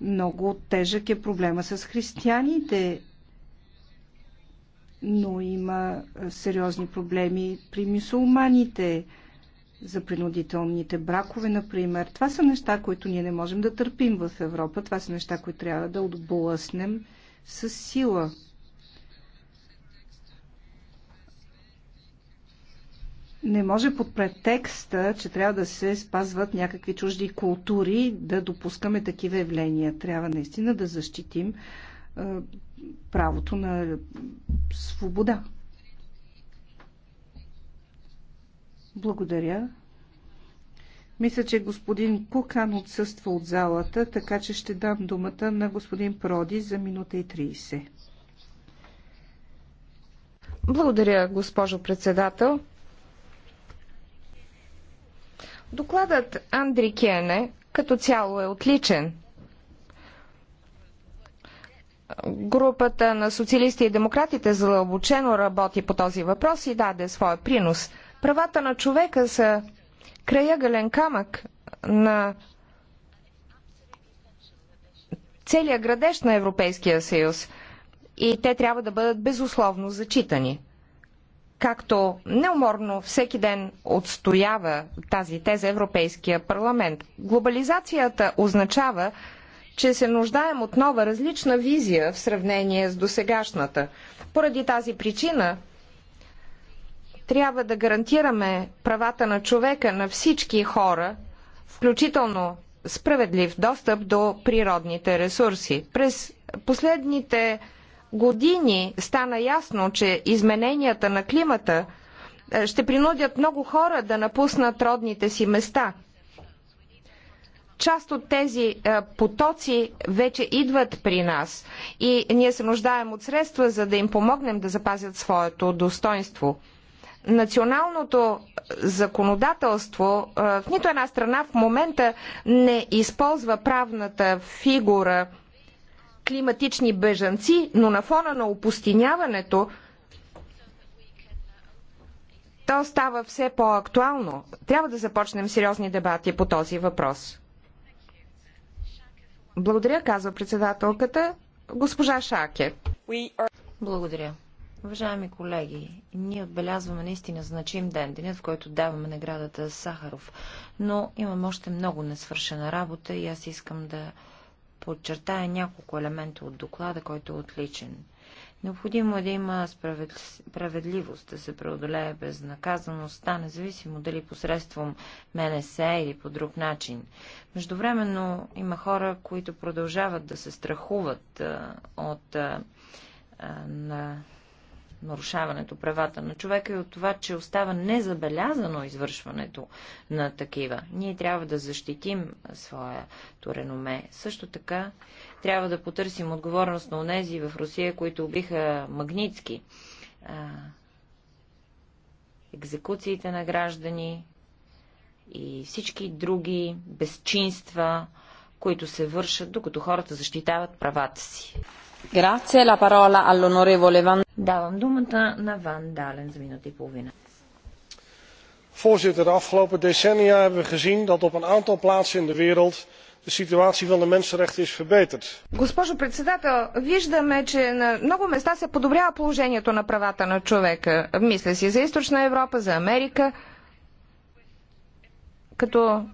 Много тежък е проблема с християните, но има сериозни проблеми при мусулманите, за принудителните бракове, например. Това са неща, които ние не можем да търпим в Европа. Това са неща, които трябва да отблъснем с сила. Не може под претекста, че трябва да се спазват някакви чужди култури, да допускаме такива явления. Трябва наистина да защитим е, правото на свобода. Благодаря. Мисля, че господин Кукан отсъства от залата, така че ще дам думата на господин Проди за минута и 30. Благодаря, госпожо председател. Докладът Андри Кене като цяло е отличен. Групата на социалисти и демократите задълбочено работи по този въпрос и даде своя принос. Правата на човека са краягален камък на целия градеж на Европейския съюз и те трябва да бъдат безусловно зачитани както неуморно всеки ден отстоява тази теза Европейския парламент. Глобализацията означава, че се нуждаем от нова различна визия в сравнение с досегашната. Поради тази причина трябва да гарантираме правата на човека на всички хора, включително справедлив достъп до природните ресурси. През последните години стана ясно, че измененията на климата е, ще принудят много хора да напуснат родните си места. Част от тези е, потоци вече идват при нас и ние се нуждаем от средства, за да им помогнем да запазят своето достоинство. Националното е, законодателство в нито една страна в момента не използва правната фигура – климатични бежанци, но на фона на опустиняването то става все по-актуално. Трябва да започнем сериозни дебати по този въпрос. Благодаря, казва председателката, госпожа Шаке. Благодаря. Уважаеми колеги, ние отбелязваме наистина значим ден, денят, в който даваме наградата Сахаров. Но имам още много несвършена работа и аз искам да подчертая няколко елемента от доклада, който е отличен. Необходимо е да има справедливост, да се преодолее безнаказаността, независимо дали посредством МНС или по друг начин. Междувременно има хора, които продължават да се страхуват а, от а, на нарушаването правата на човека и от това, че остава незабелязано извършването на такива. Ние трябва да защитим своето реноме. Също така трябва да потърсим отговорност на онези в Русия, които убиха а, екзекуциите на граждани и всички други безчинства, които се вършат, докато хората защитават правата си. Давам думата на Ван Дален за минута и половина. Voorzitter, de afgelopen decennia hebben we gezien dat op een aantal plaatsen in de wereld de situatie van de mensenrechten is verbeterd. Госпожо председател, виждаме, че на много места се подобрява положението на правата на човека. Мисля си за Източна Европа, за Америка. Като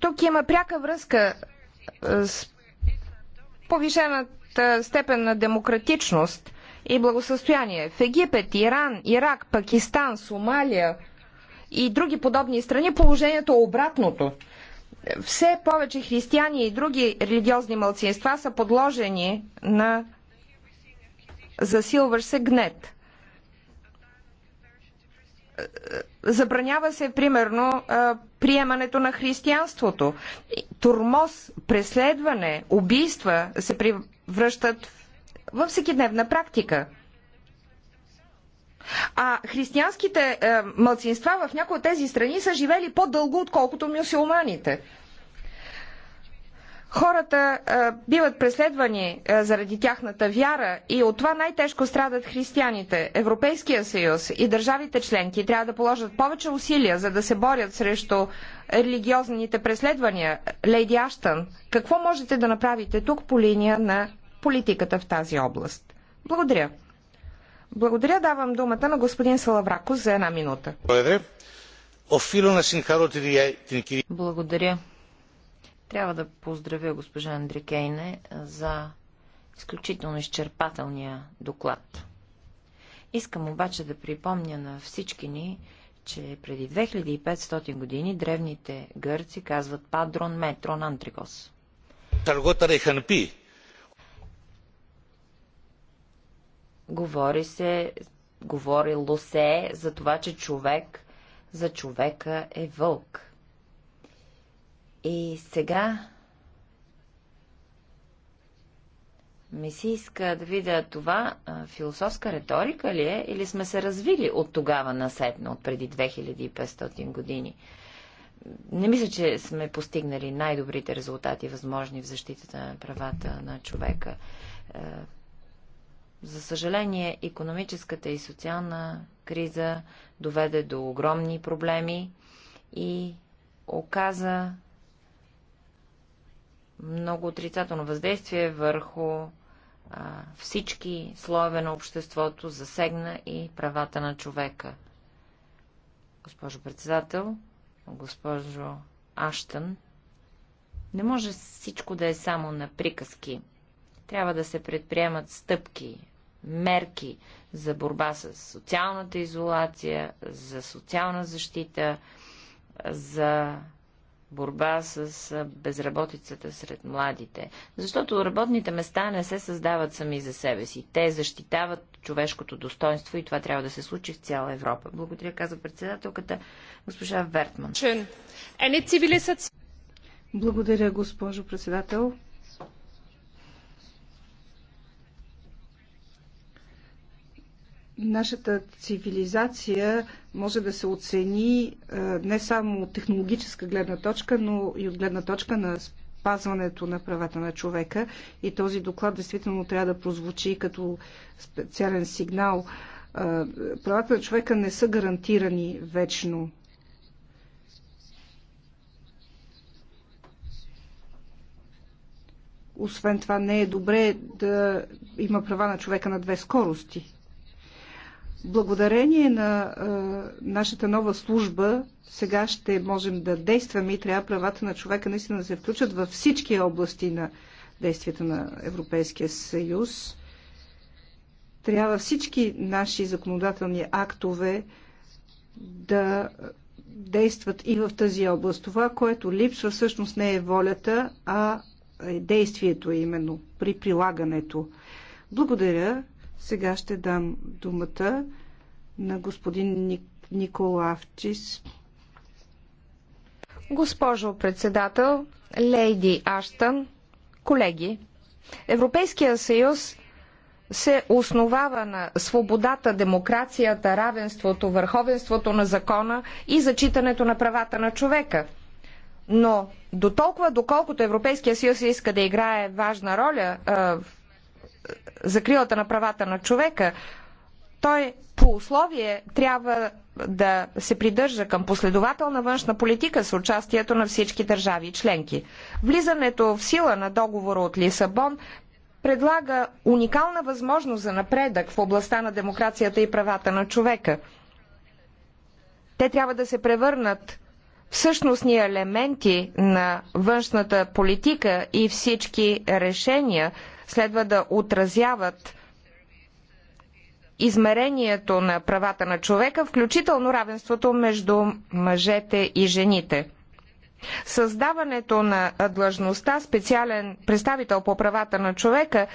тук има пряка връзка е, с повишената степен на демократичност и благосъстояние. В Египет, Иран, Ирак, Пакистан, Сомалия и други подобни страни положението е обратното. Все повече християни и други религиозни мълцинства са подложени на засилващ се гнет. Забранява се, примерно, приемането на християнството. Турмоз, преследване, убийства се връщат във всекидневна практика. А християнските е, мълцинства в някои от тези страни са живели по-дълго, отколкото мюсюлманите. Хората а, биват преследвани а, заради тяхната вяра и от това най-тежко страдат християните. Европейския съюз и държавите членки трябва да положат повече усилия, за да се борят срещу религиозните преследвания. Лейди Аштън, какво можете да направите тук по линия на политиката в тази област? Благодаря. Благодаря, давам думата на господин Салавракос за една минута. Благодаря. Благодаря. Трябва да поздравя госпожа Андрикейне за изключително изчерпателния доклад. Искам обаче да припомня на всички ни, че преди 2500 години древните гърци казват падрон метрон антрикос. Говори се, говори лосе за това, че човек за човека е вълк. И сега ми се иска да видя това философска риторика ли е, или сме се развили от тогава насетно, от преди 2500 години. Не мисля, че сме постигнали най-добрите резултати, възможни в защитата на правата на човека. Е, за съжаление, економическата и социална криза доведе до огромни проблеми и оказа много отрицателно въздействие върху а, всички слоеве на обществото, засегна и правата на човека. Госпожо председател, госпожо Аштън, не може всичко да е само на приказки. Трябва да се предприемат стъпки, мерки за борба с социалната изолация, за социална защита, за борба с безработицата сред младите. Защото работните места не се създават сами за себе си. Те защитават човешкото достоинство и това трябва да се случи в цяла Европа. Благодаря, казва председателката госпожа Вертман. Благодаря, госпожо председател. Нашата цивилизация може да се оцени е, не само от технологическа гледна точка, но и от гледна точка на спазването на правата на човека. И този доклад действително трябва да прозвучи като специален сигнал. Е, правата на човека не са гарантирани вечно. Освен това, не е добре да има права на човека на две скорости. Благодарение на а, нашата нова служба, сега ще можем да действаме и трябва правата на човека наистина да се включат във всички области на действията на Европейския съюз. Трябва всички наши законодателни актове да действат и в тази област. Това, което липсва всъщност не е волята, а е действието именно при прилагането. Благодаря. Сега ще дам думата на господин Ник... Николавчис. Госпожо председател, лейди Аштън, колеги, Европейския съюз се основава на свободата, демокрацията, равенството, върховенството на закона и зачитането на правата на човека. Но до толкова, доколкото Европейския съюз иска да играе важна роля в закрилата на правата на човека, той по условие трябва да се придържа към последователна външна политика с участието на всички държави и членки. Влизането в сила на договора от Лисабон предлага уникална възможност за напредък в областта на демокрацията и правата на човека. Те трябва да се превърнат в същностни елементи на външната политика и всички решения, следва да отразяват измерението на правата на човека, включително равенството между мъжете и жените. Създаването на длъжността специален представител по правата на човека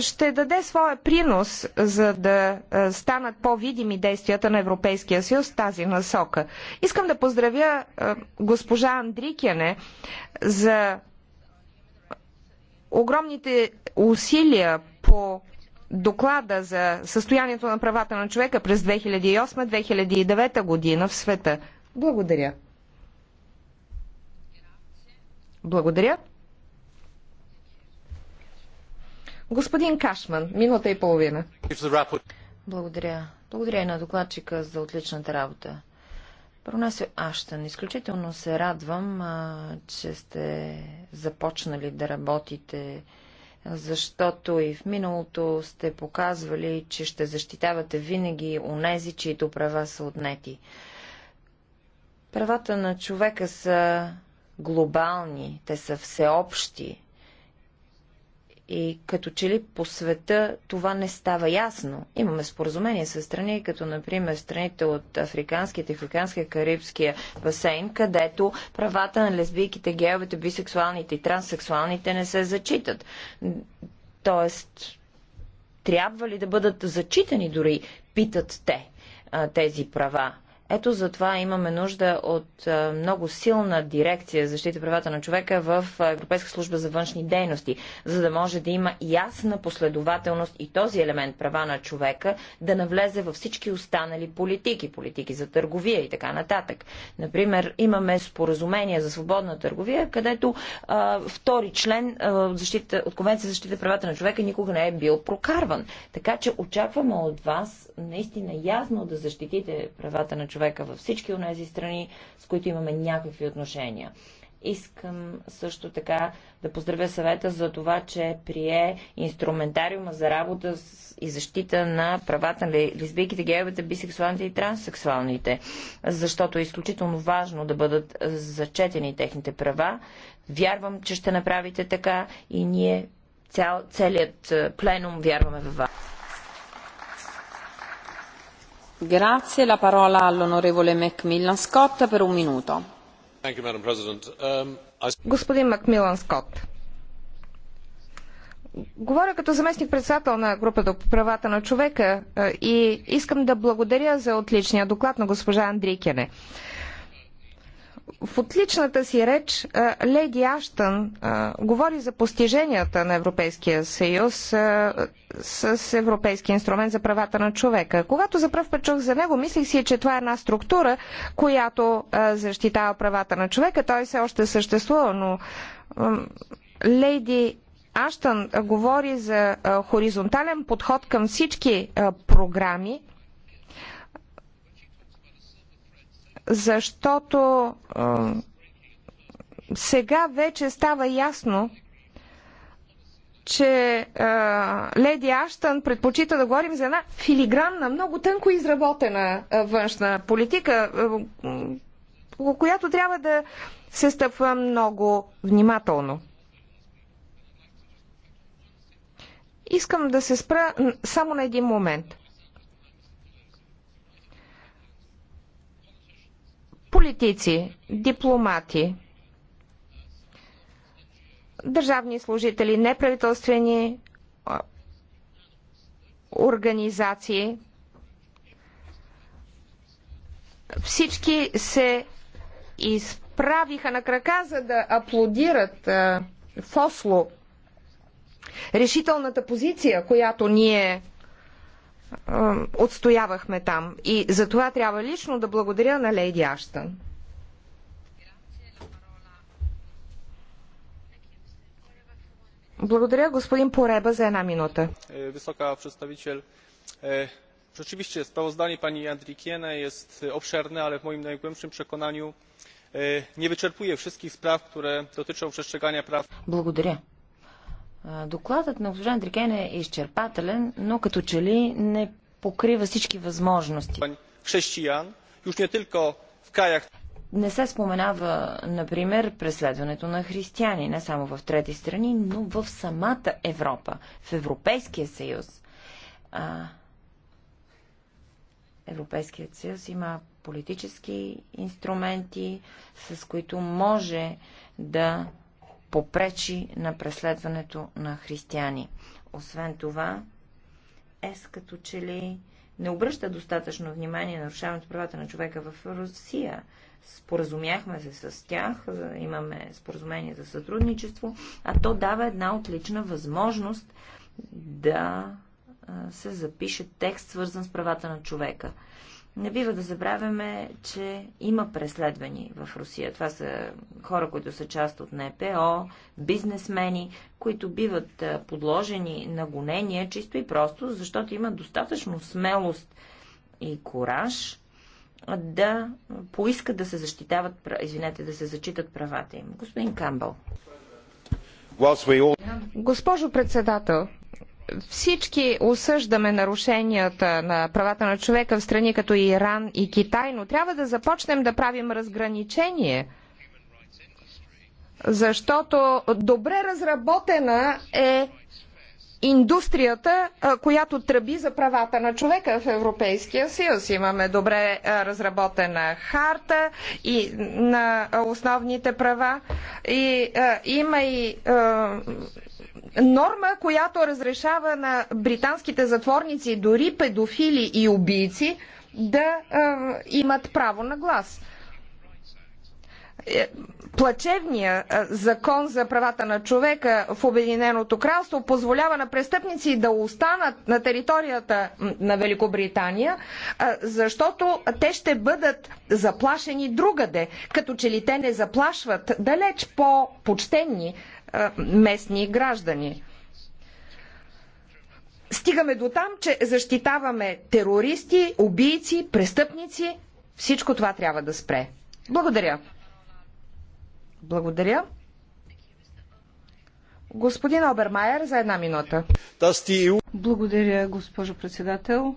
ще даде своя принос, за да е, станат по-видими действията на Европейския съюз в тази насока. Искам да поздравя е, госпожа Андрикяне за огромните усилия по доклада за състоянието на правата на човека през 2008-2009 година в света. Благодаря. Благодаря. Господин Кашман, минута и половина. Благодаря. Благодаря и на докладчика за отличната работа. Пронасю Аштън, изключително се радвам, а, че сте започнали да работите, защото и в миналото сте показвали, че ще защитавате винаги онези, чието права са отнети. Правата на човека са глобални, те са всеобщи. И като че ли по света това не става ясно. Имаме споразумение с страни, като например страните от Африканския, Африканския, Карибския басейн, където правата на лесбийките, геовете, бисексуалните и транссексуалните не се зачитат. Тоест, трябва ли да бъдат зачитани дори, питат те тези права. Ето за това имаме нужда от много силна дирекция защита правата на човека в Европейска служба за външни дейности, за да може да има ясна последователност и този елемент права на човека да навлезе във всички останали политики, политики за търговия и така нататък. Например, имаме споразумение за свободна търговия, където а, втори член а, от, защита, от Конвенция за защита правата на човека никога не е бил прокарван. Така че очакваме от вас наистина ясно да защитите правата на човека човека във всички от тези страни, с които имаме някакви отношения. Искам също така да поздравя съвета за това, че прие инструментариума за работа и защита на правата на лесбийките, геовете, бисексуалните и транссексуалните, защото е изключително важно да бъдат зачетени техните права. Вярвам, че ще направите така и ние цял, целият е, пленум вярваме във вас. Um, господин макмилан скот говоря като заместник председател на групата по правата на човека е, и искам да благодаря за отличния доклад на госпожа андрикене. В отличната си реч Леди Аштън говори за постиженията на Европейския съюз с Европейския инструмент за правата на човека. Когато за пръв път чух за него, мислих си, че това е една структура, която защитава правата на човека. Той все още съществува, но Леди Аштън говори за хоризонтален подход към всички програми защото сега вече става ясно, че а, леди Аштън предпочита да говорим за една филигранна, много тънко изработена а, външна политика, а, по която трябва да се стъпва много внимателно. Искам да се спра само на един момент. политици, дипломати, държавни служители, неправителствени организации. Всички се изправиха на крака, за да аплодират в Осло решителната позиция, която ние отстоявахме там. И за това трябва лично да благодаря на Лейди Аштън. Благодаря, господин Пореба, за една минута. Висока представител, rzeczywiście sprawozdanie pani andrikien jest obszerne ale w moim najgłębszym przekonaniu nie wyczerpuje wszystkich spraw które dotyczą przestrzegania praw. благодаря Докладът на госпожа Андрикен е изчерпателен, но като че ли не покрива всички възможности. Не се споменава, например, преследването на християни, не само в трети страни, но в самата Европа, в Европейския съюз. А, Европейският съюз има политически инструменти, с които може да попречи на преследването на християни. Освен това, ЕС като че ли не обръща достатъчно внимание на нарушаването правата на човека в Русия. Споразумяхме се с тях, имаме споразумение за сътрудничество, а то дава една отлична възможност да се запише текст, свързан с правата на човека. Не бива да забравяме, че има преследвани в Русия. Това са хора, които са част от НПО, бизнесмени, които биват подложени на гонения, чисто и просто, защото имат достатъчно смелост и кораж да поискат да се защитават, извинете, да се зачитат правата им. Господин Камбъл. Госпожо председател, всички осъждаме нарушенията на правата на човека в страни като Иран и Китай, но трябва да започнем да правим разграничение, защото добре разработена е индустрията, която тръби за правата на човека в Европейския съюз. Имаме добре разработена харта и на основните права и има и норма, която разрешава на британските затворници, дори педофили и убийци, да а, имат право на глас. Е, плачевния закон за правата на човека в Обединеното кралство позволява на престъпници да останат на територията на Великобритания, защото те ще бъдат заплашени другаде, като че ли те не заплашват далеч по-почтенни местни граждани. Стигаме до там, че защитаваме терористи, убийци, престъпници. Всичко това трябва да спре. Благодаря. Благодаря. Господин Обермайер за една минута. Благодаря, госпожо председател.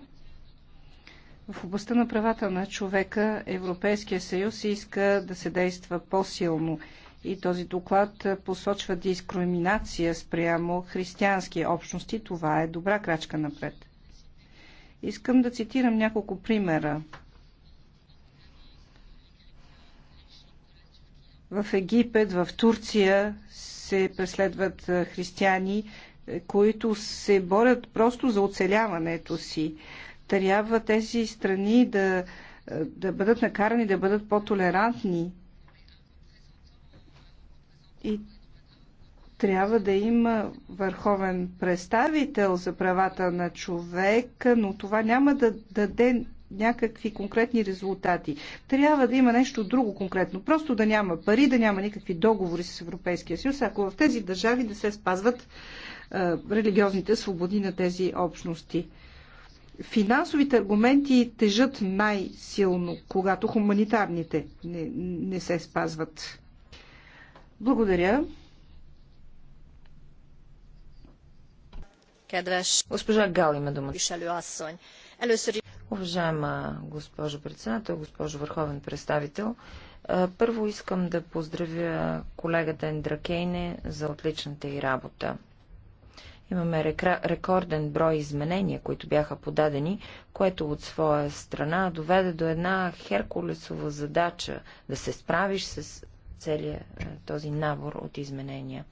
В областта на правата на човека Европейския съюз иска да се действа по-силно и този доклад посочва дискриминация спрямо християнски общности. Това е добра крачка напред. Искам да цитирам няколко примера. В Египет, в Турция се преследват християни, е, които се борят просто за оцеляването си. Трябва тези страни да, да бъдат накарани да бъдат по-толерантни и трябва да има върховен представител за правата на човека, но това няма да даде някакви конкретни резултати. Трябва да има нещо друго конкретно. Просто да няма пари, да няма никакви договори с Европейския съюз, ако в тези държави не се спазват е, религиозните свободи на тези общности. Финансовите аргументи тежат най-силно, когато хуманитарните не, не се спазват. Благодаря. Госпожа Гал има думата. Уважаема госпожо председател, госпожо върховен представител, първо искам да поздравя колегата Ендракейне за отличната й работа. Имаме рекорден брой изменения, които бяха подадени, което от своя страна доведе до една херкулесова задача да се справиш с целият този набор от изменения.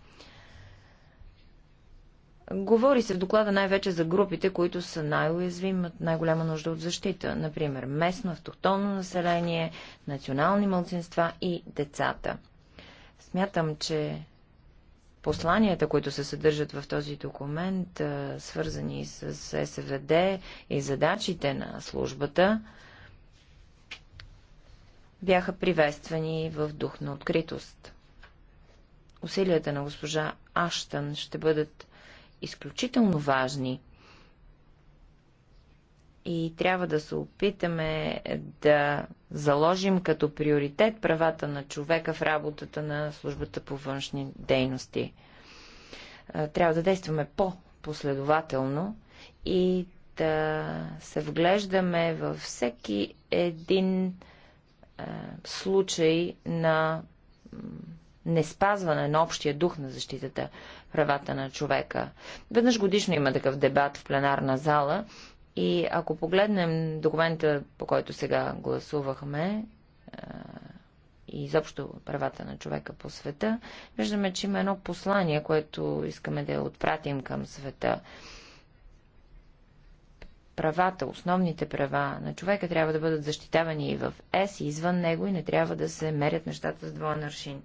Говори се в доклада най-вече за групите, които са най-уязвими, имат най-голяма нужда от защита. Например, местно, автохтонно население, национални мълцинства и децата. Смятам, че посланията, които се съдържат в този документ, свързани с СВД и задачите на службата, бяха приветствани в дух на откритост. Усилията на госпожа Аштън ще бъдат изключително важни и трябва да се опитаме да заложим като приоритет правата на човека в работата на службата по външни дейности. Трябва да действаме по-последователно и да се вглеждаме във всеки един е, случай на неспазване на общия дух на защитата правата на човека. Веднъж годишно има такъв дебат в пленарна зала и ако погледнем документа, по който сега гласувахме, е, и изобщо правата на човека по света, виждаме, че има едно послание, което искаме да отпратим към света правата, основните права на човека трябва да бъдат защитавани и в ЕС, и извън него, и не трябва да се мерят нещата с двоен аршин.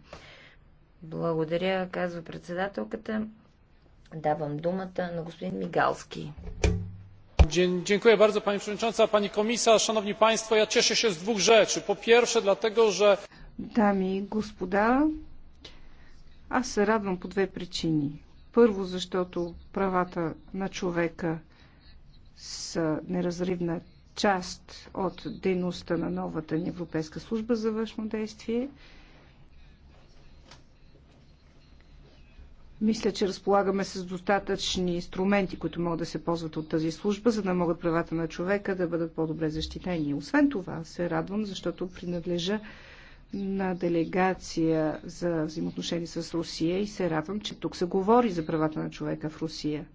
Благодаря, казва председателката. Давам думата на господин Мигалски. Dziękuję bardzo Pani Przewodnicząca, Pani Komisarz, Szanowni Państwo. Ja cieszę się z dwóch rzeczy. Po pierwsze dlatego, że... Dami i a se radam po dwie przyczyny. Pierwsze, że защото правата на човека са неразривна част от дейността на новата ни Европейска служба за външно действие. Мисля, че разполагаме с достатъчни инструменти, които могат да се ползват от тази служба, за да могат правата на човека да бъдат по-добре защитени. Освен това, се радвам, защото принадлежа на делегация за взаимоотношения с Русия и се радвам, че тук се говори за правата на човека в Русия.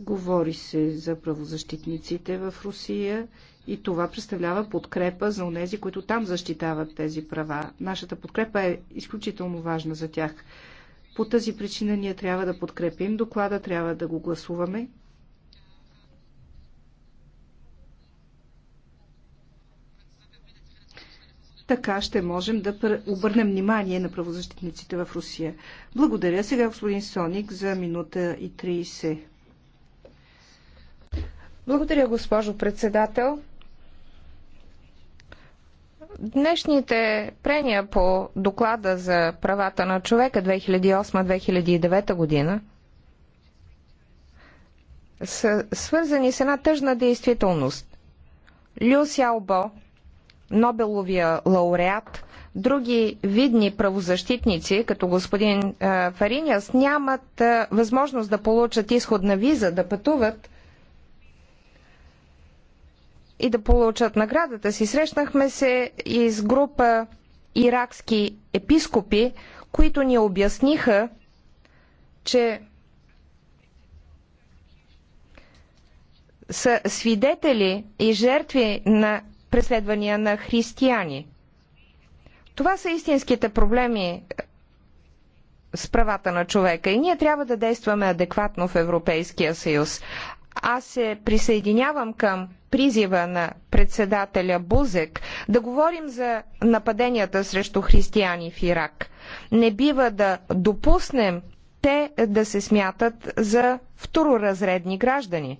Говори се за правозащитниците в Русия и това представлява подкрепа за онези, които там защитават тези права. Нашата подкрепа е изключително важна за тях. По тази причина ние трябва да подкрепим доклада, трябва да го гласуваме. Така ще можем да обърнем внимание на правозащитниците в Русия. Благодаря сега господин Соник за минута и 30. Благодаря, госпожо председател. Днешните прения по доклада за правата на човека 2008-2009 година са свързани с една тъжна действителност. Лю Сяобо, Нобеловия лауреат, други видни правозащитници, като господин Фариняс, нямат възможност да получат изходна виза, да пътуват и да получат наградата си. Срещнахме се и с група иракски епископи, които ни обясниха, че са свидетели и жертви на преследвания на християни. Това са истинските проблеми е, с правата на човека и ние трябва да действаме адекватно в Европейския съюз. Аз се присъединявам към призива на председателя Бузек да говорим за нападенията срещу християни в Ирак. Не бива да допуснем те да се смятат за второразредни граждани.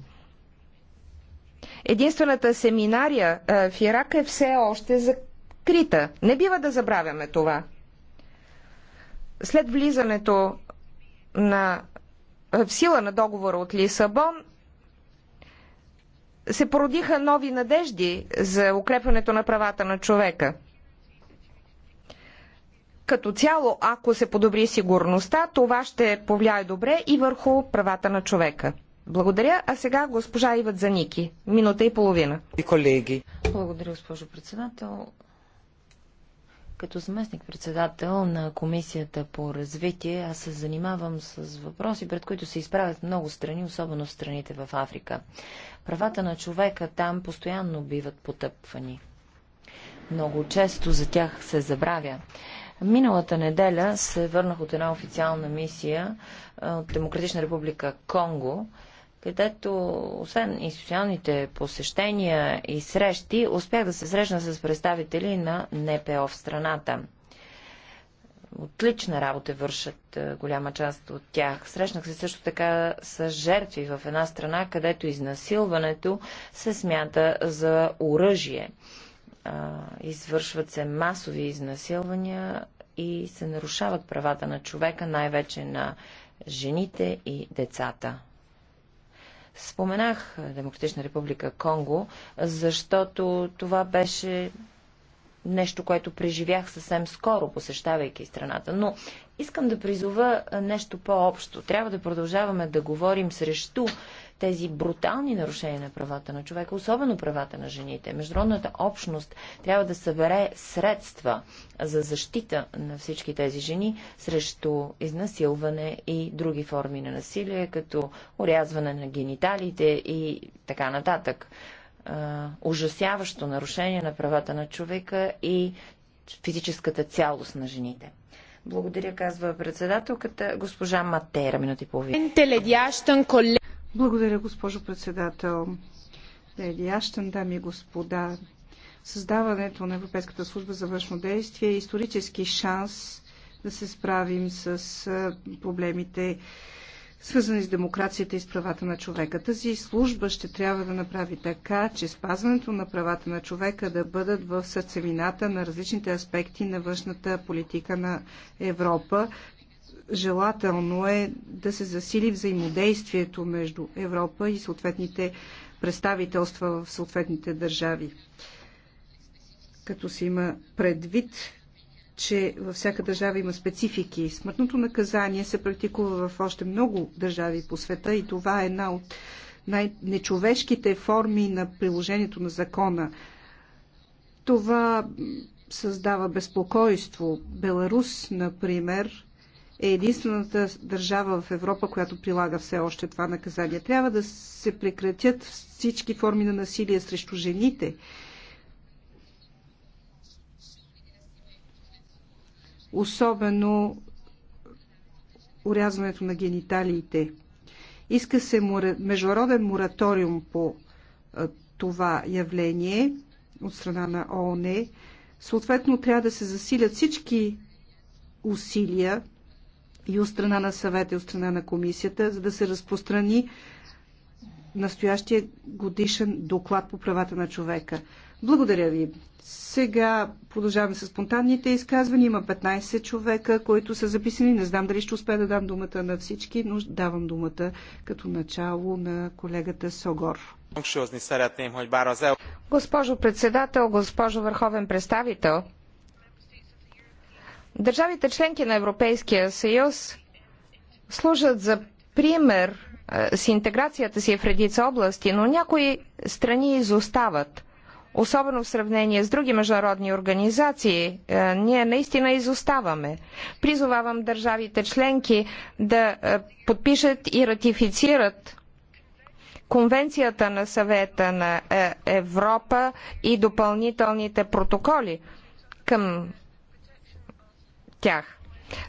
Единствената семинария в Ирак е все още закрита. Не бива да забравяме това. След влизането на в сила на договора от Лисабон, се породиха нови надежди за укрепването на правата на човека. Като цяло, ако се подобри сигурността, това ще повлияе добре и върху правата на човека. Благодаря. А сега госпожа Иват Заники. Минута и половина. И колеги. Благодаря, госпожо председател. Като заместник-председател на Комисията по развитие, аз се занимавам с въпроси, пред които се изправят много страни, особено в страните в Африка. Правата на човека там постоянно биват потъпвани. Много често за тях се забравя. Миналата неделя се върнах от една официална мисия от Демократична република Конго, където освен институционалните посещения и срещи, успях да се срещна с представители на НПО в страната. Отлична работа вършат е, голяма част от тях. Срещнах се също така с жертви в една страна, където изнасилването се смята за оръжие. Извършват се масови изнасилвания и се нарушават правата на човека, най-вече на жените и децата. Споменах е, Демократична република Конго, защото това беше нещо, което преживях съвсем скоро, посещавайки страната. Но искам да призова е, нещо по-общо. Трябва да продължаваме да говорим срещу тези брутални нарушения на правата на човека, особено правата на жените. Международната общност трябва да събере средства за защита на всички тези жени срещу изнасилване и други форми на насилие, като урязване на гениталите и така нататък. Ужасяващо нарушение на правата на човека и физическата цялост на жените. Благодаря, казва председателката госпожа Матера, минути и половина. Благодаря, госпожо председател. Леди Аштан, дами и господа, създаването на Европейската служба за външно действие е исторически шанс да се справим с проблемите, свързани с демокрацията и с правата на човека. Тази служба ще трябва да направи така, че спазването на правата на човека да бъдат в сърцевината на различните аспекти на външната политика на Европа, желателно е да се засили взаимодействието между Европа и съответните представителства в съответните държави. Като се има предвид, че във всяка държава има специфики. Смъртното наказание се практикува в още много държави по света и това е една от най-нечовешките форми на приложението на закона. Това създава безпокойство. Беларус, например, е единствената държава в Европа, която прилага все още това наказание. Трябва да се прекратят всички форми на насилие срещу жените. Особено урязването на гениталиите. Иска се международен мораториум по това явление от страна на ООН. Съответно, трябва да се засилят всички усилия и от страна на съвета, и от страна на комисията, за да се разпространи настоящия годишен доклад по правата на човека. Благодаря ви. Сега продължаваме с спонтанните изказвания. Има 15 човека, които са записани. Не знам дали ще успея да дам думата на всички, но давам думата като начало на колегата Согор. E госпожо председател, госпожо върховен представител, Държавите членки на Европейския съюз служат за пример с интеграцията си в редица области, но някои страни изостават. Особено в сравнение с други международни организации, ние наистина изоставаме. Призовавам държавите членки да подпишат и ратифицират Конвенцията на съвета на е, Европа и допълнителните протоколи към тях.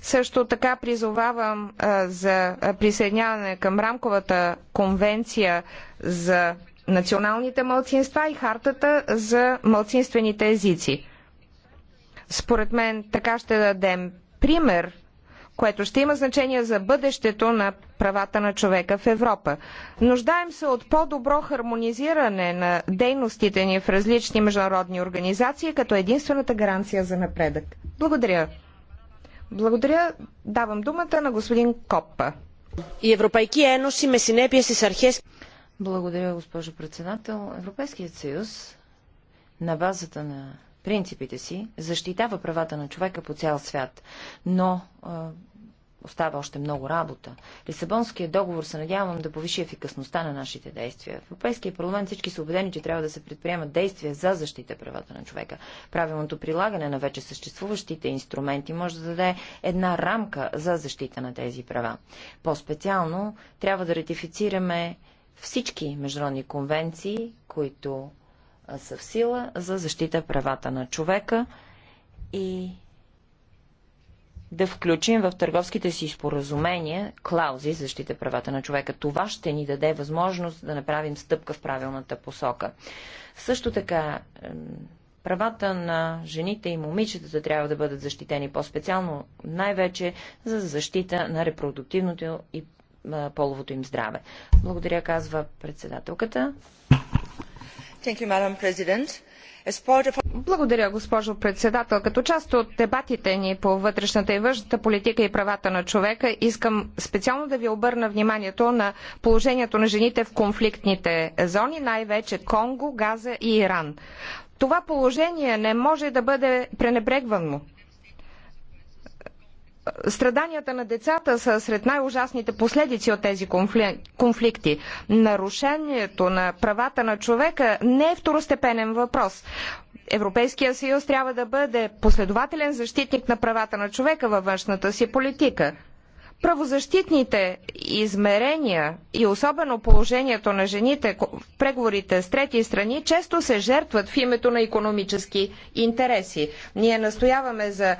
Също така призовавам за присъединяване към рамковата конвенция за националните мълцинства и хартата за мълцинствените езици. Според мен така ще дадем пример, което ще има значение за бъдещето на правата на човека в Европа. Нуждаем се от по-добро хармонизиране на дейностите ни в различни международни организации като единствената гаранция за напредък. Благодаря. Благодаря. Давам думата на господин Копа. И Европейки еноси ме си с архес. Благодаря, госпожо председател. Европейският съюз на базата на принципите си защитава правата на човека по цял свят, но остава още много работа. Лисабонския договор се надявам да повиши ефикасността на нашите действия. В Европейския парламент всички са убедени, че трябва да се предприемат действия за защита правата на човека. Правилното прилагане на вече съществуващите инструменти може да даде една рамка за защита на тези права. По-специално трябва да ратифицираме всички международни конвенции, които са в сила за защита правата на човека и да включим в търговските си споразумения клаузи защита правата на човека. Това ще ни даде възможност да направим стъпка в правилната посока. Също така, правата на жените и момичетата трябва да бъдат защитени по-специално, най-вече за защита на репродуктивното и е, половото им здраве. Благодаря, казва председателката. Thank you, благодаря, госпожо председател. Като част от дебатите ни по вътрешната и външната политика и правата на човека, искам специално да ви обърна вниманието на положението на жените в конфликтните зони, най-вече Конго, Газа и Иран. Това положение не може да бъде пренебрегвано. Страданията на децата са сред най-ужасните последици от тези конфликти. Нарушението на правата на човека не е второстепенен въпрос. Европейския съюз трябва да бъде последователен защитник на правата на човека във външната си политика. Правозащитните измерения и особено положението на жените в преговорите с трети страни често се жертват в името на економически интереси. Ние настояваме за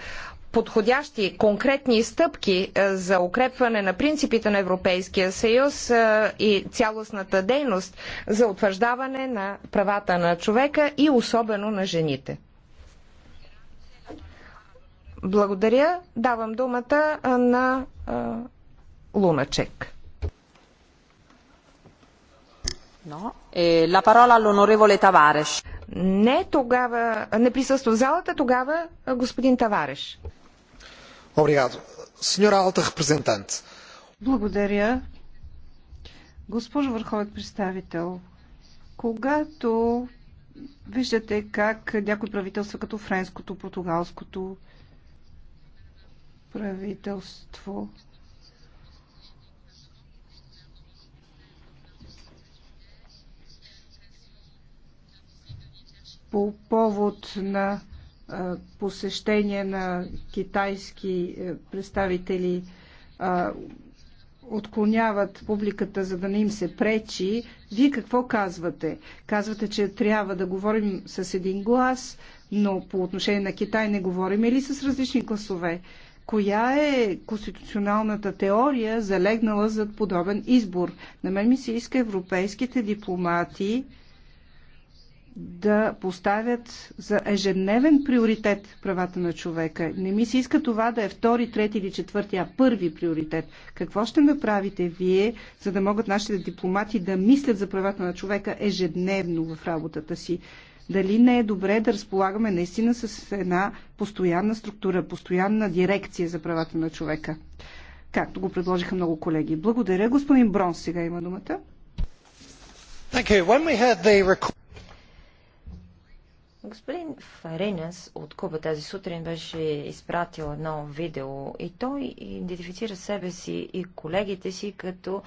подходящи конкретни стъпки е, за укрепване на принципите на Европейския съюз е, и цялостната дейност за утвърждаване на правата на човека и особено на жените. Благодаря. Давам думата е, на Луначек. La parola all'onorevole Tavares. Не тогава, не присъства в залата, тогава господин Тавареш. Благодаря. Госпожо Върховен представител, когато виждате как някои правителства, като френското, португалското правителство, по повод на посещение на китайски е, представители отклоняват публиката, за да не им се пречи. Вие какво казвате? Казвате, че трябва да говорим с един глас, но по отношение на Китай не говорим или с различни класове? Коя е конституционалната теория, залегнала зад подобен избор? На мен ми се иска европейските дипломати да поставят за ежедневен приоритет правата на човека. Не ми се иска това да е втори, трети или четвърти, а първи приоритет. Какво ще направите вие, за да могат нашите дипломати да мислят за правата на човека ежедневно в работата си? Дали не е добре да разполагаме наистина с една постоянна структура, постоянна дирекция за правата на човека? Както го предложиха много колеги. Благодаря. Господин Бронс сега има думата. Thank you. When we had the Господин Фаренес от Куба тази сутрин беше изпратил едно видео и той идентифицира себе си и колегите си като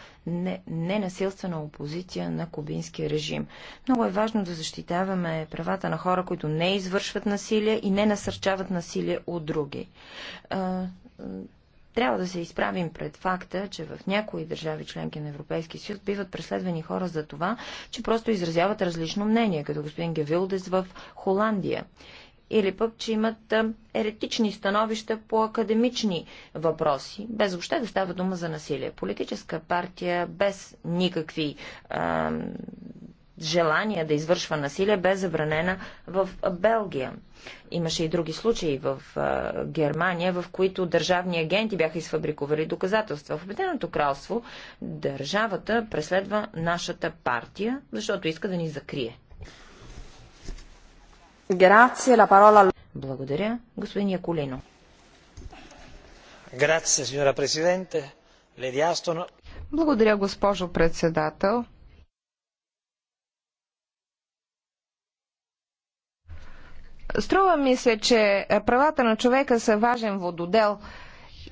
ненасилствена не опозиция на кубинския режим. Много е важно да защитаваме правата на хора, които не извършват насилие и не насърчават насилие от други трябва да се изправим пред факта, че в някои държави членки на Европейския съюз биват преследвани хора за това, че просто изразяват различно мнение, като господин Гевилдес в Холандия или пък, че имат еретични становища по академични въпроси, без въобще да става дума за насилие. Политическа партия без никакви желание да извършва насилие бе забранена в Белгия. Имаше и други случаи в Германия, в които държавни агенти бяха изфабриковали доказателства. В Обединеното кралство държавата преследва нашата партия, защото иска да ни закрие. Благодаря, господин Яколино. Благодаря, госпожо председател. Струва ми се, че правата на човека са важен вододел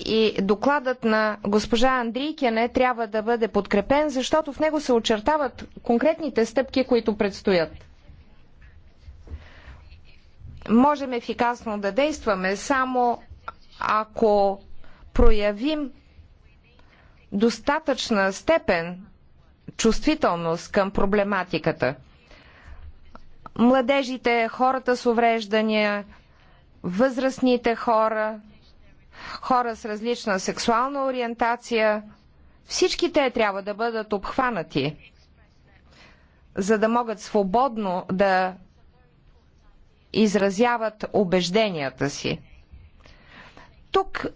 и докладът на госпожа Андрийкяне трябва да бъде подкрепен, защото в него се очертават конкретните стъпки, които предстоят. Можем ефикасно да действаме само ако проявим достатъчна степен чувствителност към проблематиката – младежите, хората с увреждания, възрастните хора, хора с различна сексуална ориентация. Всички те трябва да бъдат обхванати, за да могат свободно да изразяват убежденията си. Тук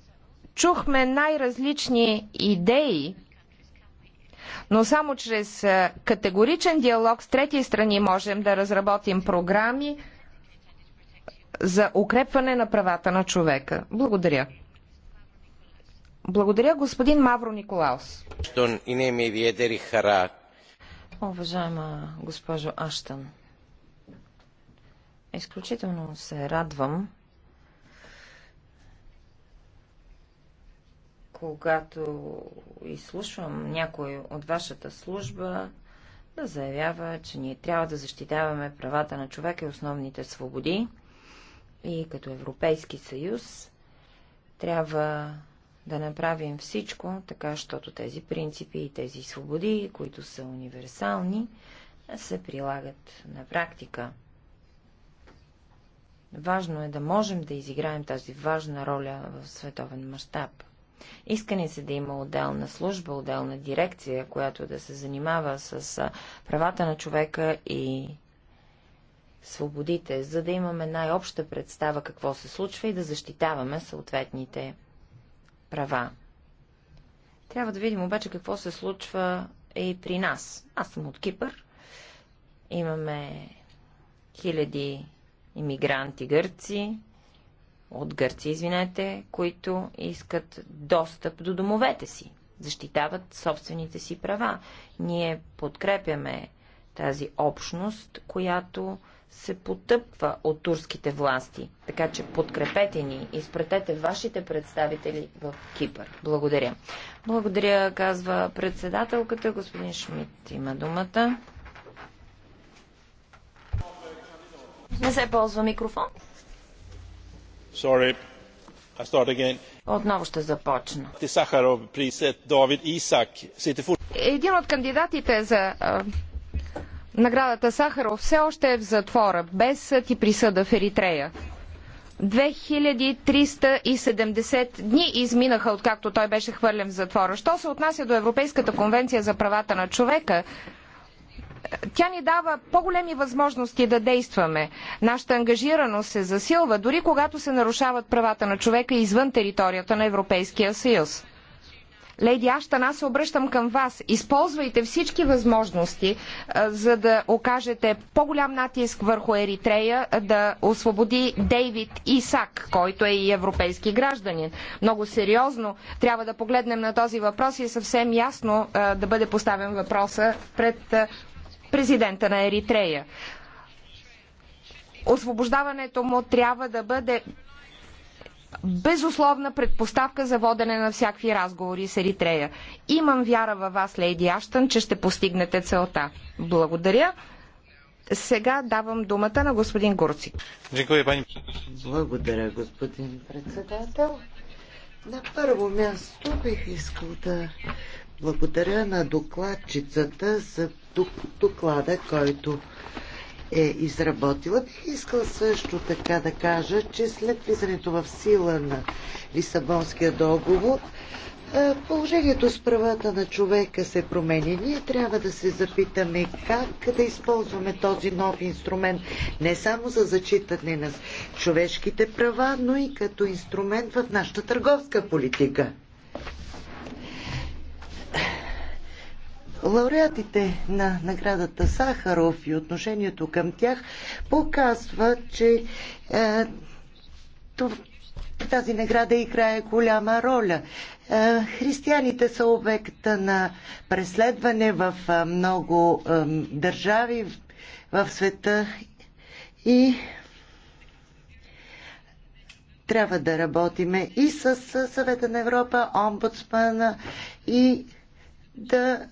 чухме най-различни идеи но само чрез е, категоричен диалог с трети страни можем да разработим програми за укрепване на правата на човека. Благодаря. Благодаря, господин Мавро Николаус. Уважаема госпожо Аштан, изключително се радвам, когато изслушвам някой от вашата служба, да заявява, че ние трябва да защитаваме правата на човека и основните свободи. И като Европейски съюз трябва да направим всичко, така, защото тези принципи и тези свободи, които са универсални, се прилагат на практика. Важно е да можем да изиграем тази важна роля в световен мащаб. Искани се да има отделна служба, отделна дирекция, която да се занимава с правата на човека и свободите, за да имаме най-обща представа какво се случва и да защитаваме съответните права. Трябва да видим обаче какво се случва и при нас. Аз съм от Кипър. Имаме хиляди иммигранти гърци, от Гърция, извинете, които искат достъп до домовете си, защитават собствените си права. Ние подкрепяме тази общност, която се потъпва от турските власти. Така че подкрепете ни, изпратете вашите представители в Кипър. Благодаря. Благодаря, казва председателката. Господин Шмидт има думата. Не се ползва микрофон. Sorry. I start again. Отново ще започна. Един от кандидатите за наградата Сахаров все още е в затвора, без съд и присъда в Еритрея. 2370 дни изминаха, откакто той беше хвърлен в затвора. Що се отнася до Европейската конвенция за правата на човека, тя ни дава по-големи възможности да действаме. Нашата ангажираност се засилва, дори когато се нарушават правата на човека извън територията на Европейския съюз. Леди Аштан, аз се обръщам към вас. Използвайте всички възможности, за да окажете по-голям натиск върху Еритрея да освободи Дейвид Исак, който е и европейски гражданин. Много сериозно трябва да погледнем на този въпрос и е съвсем ясно да бъде поставен въпроса пред президента на Еритрея. Освобождаването му трябва да бъде безусловна предпоставка за водене на всякакви разговори с Еритрея. Имам вяра във вас, Лейди Аштън, че ще постигнете целта. Благодаря. Сега давам думата на господин Гурци. Благодаря, господин председател. На първо място бих искал да благодаря на докладчицата за доклада, който е изработила. Бих искал също така да кажа, че след влизането в сила на Лисабонския договор, положението с правата на човека се променя. Ние трябва да се запитаме как да използваме този нов инструмент не само за зачитане на човешките права, но и като инструмент в нашата търговска политика. Лауреатите на наградата Сахаров и отношението към тях показва, че е, тази награда играе голяма роля. Е, християните са обект на преследване в е, много е, държави в света и трябва да работиме и с Съвета на Европа, омбудсмана и да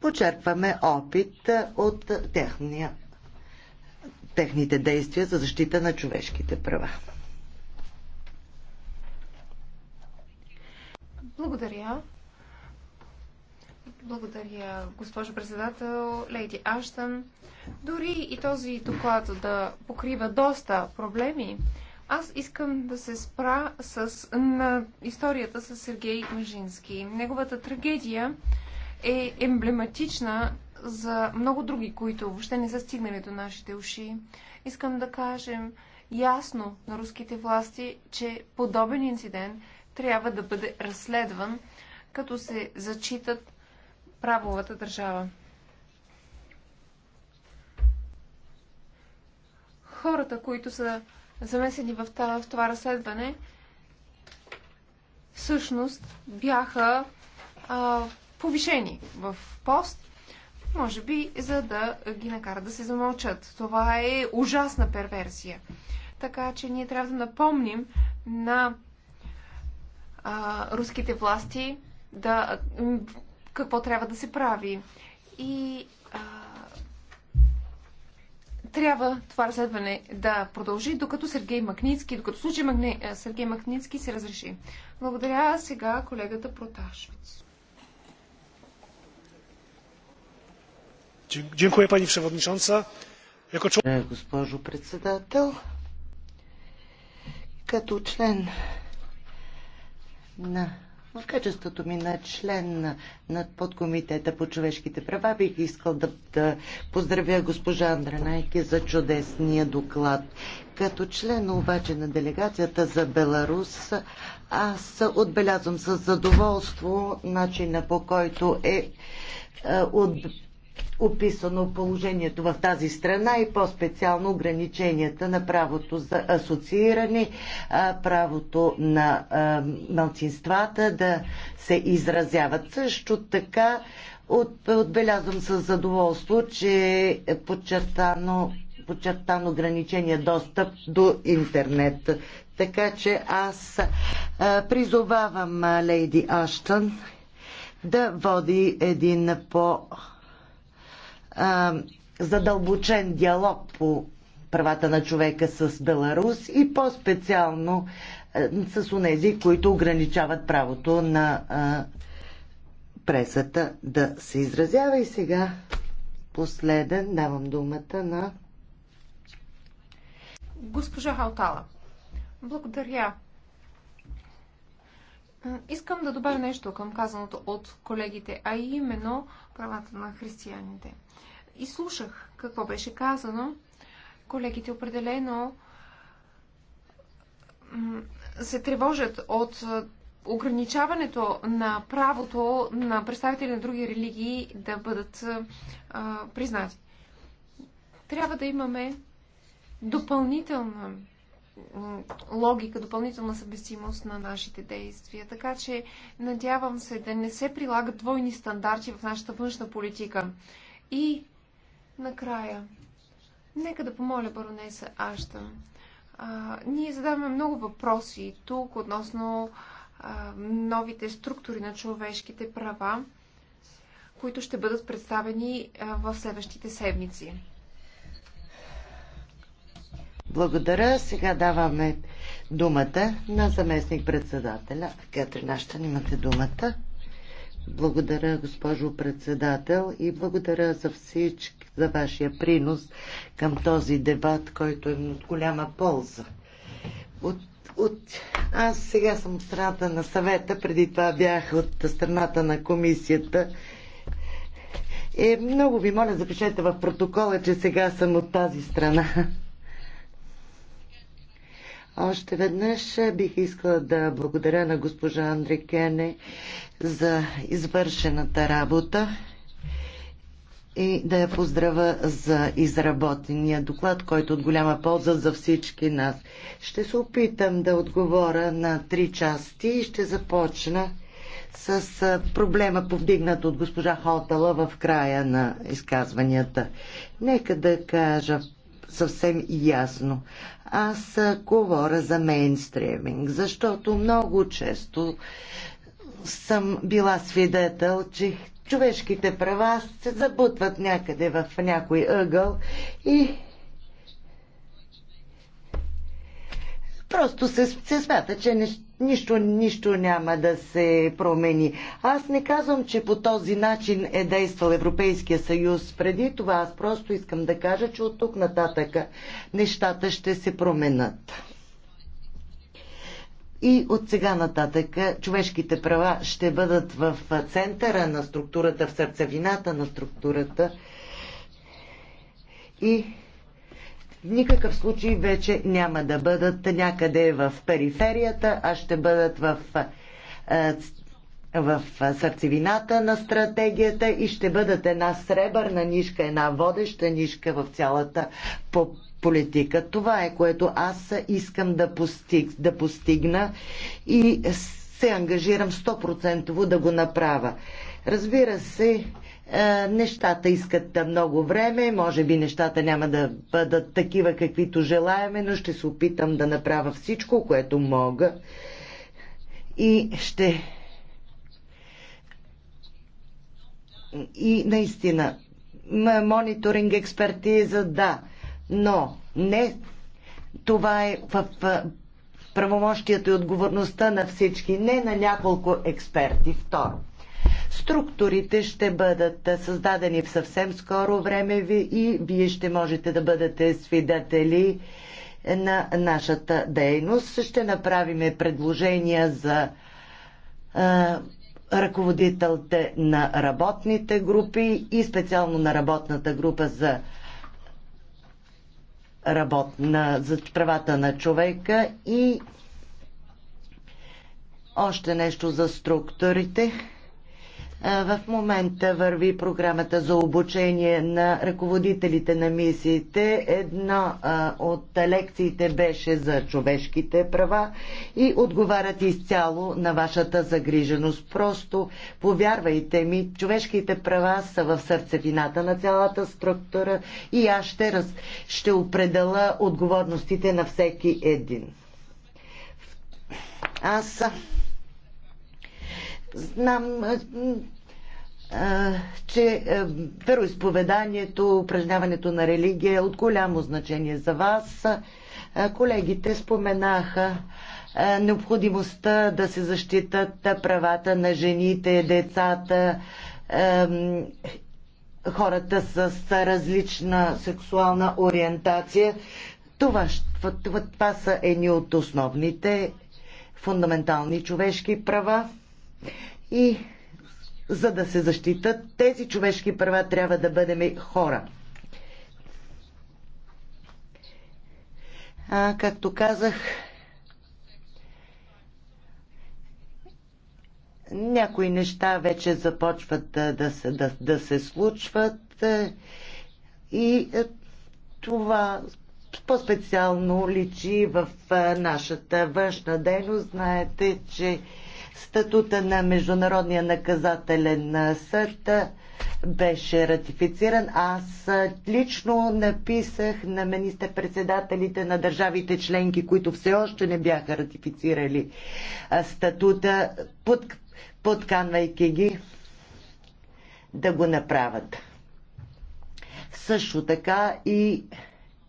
почерпваме опит от техния, техните действия за защита на човешките права. Благодаря. Благодаря, госпожо председател, леди Аштън. Дори и този доклад да покрива доста проблеми, аз искам да се спра с, на историята с Сергей Мажински. Неговата трагедия е емблематична за много други, които въобще не са стигнали до нашите уши. Искам да кажем ясно на руските власти, че подобен инцидент трябва да бъде разследван, като се зачитат правовата държава. Хората, които са замесени в това разследване, всъщност бяха а, повишени в пост, може би за да ги накарат да се замълчат. Това е ужасна перверсия. Така че ние трябва да напомним на а, руските власти да, какво трябва да се прави. И а, трябва това разследване да продължи, докато Сергей Магницки, докато случай Магне... Е, Сергей Магницки се разреши. Благодаря сега колегата Проташвиц. Дякую, пани Всеводничанца. Е, госпожо председател, като член на в качеството ми на член на подкомитета по човешките права бих искал да, да поздравя госпожа Андранайки за чудесния доклад. Като член обаче на делегацията за Беларус, аз отбелязвам с задоволство начина по който е, е от описано положението в тази страна и по-специално ограниченията на правото за асоцииране, правото на малцинствата да се изразяват. Също така отбелязвам с задоволство, че е подчертано подчертано ограничение достъп до интернет. Така че аз призовавам лейди Аштън да води един по- а, задълбочен диалог по правата на човека с Беларус и по-специално с онези, които ограничават правото на а, пресата да се изразява. И сега последен давам думата на госпожа Халтала. Благодаря. Искам да добавя нещо към казаното от колегите, а именно правата на християните – и слушах какво беше казано. Колегите определено се тревожат от ограничаването на правото на представители на други религии да бъдат а, признати. Трябва да имаме допълнителна логика, допълнителна съвместимост на нашите действия. Така че надявам се да не се прилагат двойни стандарти в нашата външна политика. И Накрая, нека да помоля баронеса Ашта. А, ние задаваме много въпроси тук относно а, новите структури на човешките права, които ще бъдат представени а, в следващите седмици. Благодаря. Сега даваме думата на заместник-председателя. Катрина, ще имате думата. Благодаря, госпожо председател, и благодаря за всички за вашия принос към този дебат, който е от голяма полза. От, от... Аз сега съм от страната на съвета, преди това бях от страната на комисията. Е, много ви моля, запишете в протокола, че сега съм от тази страна. Още веднъж бих искала да благодаря на госпожа Андре Кене за извършената работа и да я поздравя за изработения доклад, който е от голяма полза за всички нас. Ще се опитам да отговоря на три части и ще започна с проблема, повдигнат от госпожа Хотала в края на изказванията. Нека да кажа съвсем ясно. Аз говоря за мейнстриминг, защото много често съм била свидетел, че човешките права се забутват някъде в някой ъгъл и Просто се, се смята, че не, нищо, нищо няма да се промени. Аз не казвам, че по този начин е действал Европейския съюз преди това. Аз просто искам да кажа, че от тук нататък нещата ще се променят. И от сега нататък е, човешките права ще бъдат в е, центъра на структурата, в сърцевината на структурата. И в никакъв случай вече няма да бъдат някъде в периферията, а ще бъдат в, е, в сърцевината на стратегията и ще бъдат една сребърна нишка, една водеща нишка в цялата по политика. Това е което аз искам да, постиг, да постигна и се ангажирам 100% да го направя. Разбира се, е, нещата искат много време, може би нещата няма да бъдат такива каквито желаеме, но ще се опитам да направя всичко, което мога и ще и наистина мониторинг, експертиза, да но не това е в правомощията и отговорността на всички, не на няколко експерти. Второ, структурите ще бъдат създадени в съвсем скоро време ви и вие ще можете да бъдете свидетели на нашата дейност. Ще направиме предложения за ръководителите на работните групи и специално на работната група за работ, на, за правата на човека и още нещо за структурите. В момента върви програмата за обучение на ръководителите на мисиите. Една от лекциите беше за човешките права и отговарят изцяло на вашата загриженост. Просто повярвайте ми, човешките права са в сърцевината на цялата структура и аз ще, раз... ще определя отговорностите на всеки един. Аз Знам, че вероисповеданието, упражняването на религия е от голямо значение за вас. Колегите споменаха необходимостта да се защитат правата на жените, децата, хората с различна сексуална ориентация. Това, това, това са едни от основните фундаментални човешки права и за да се защитат тези човешки права, трябва да бъдем хора. А, както казах, някои неща вече започват да, да, се, да, да се случват е, и е, това по-специално личи в е, нашата външна дейност. Знаете, че Статута на Международния наказателен съд беше ратифициран. Аз лично написах на министър-председателите на държавите членки, които все още не бяха ратифицирали статута, под, подканвайки ги да го направят. Също така и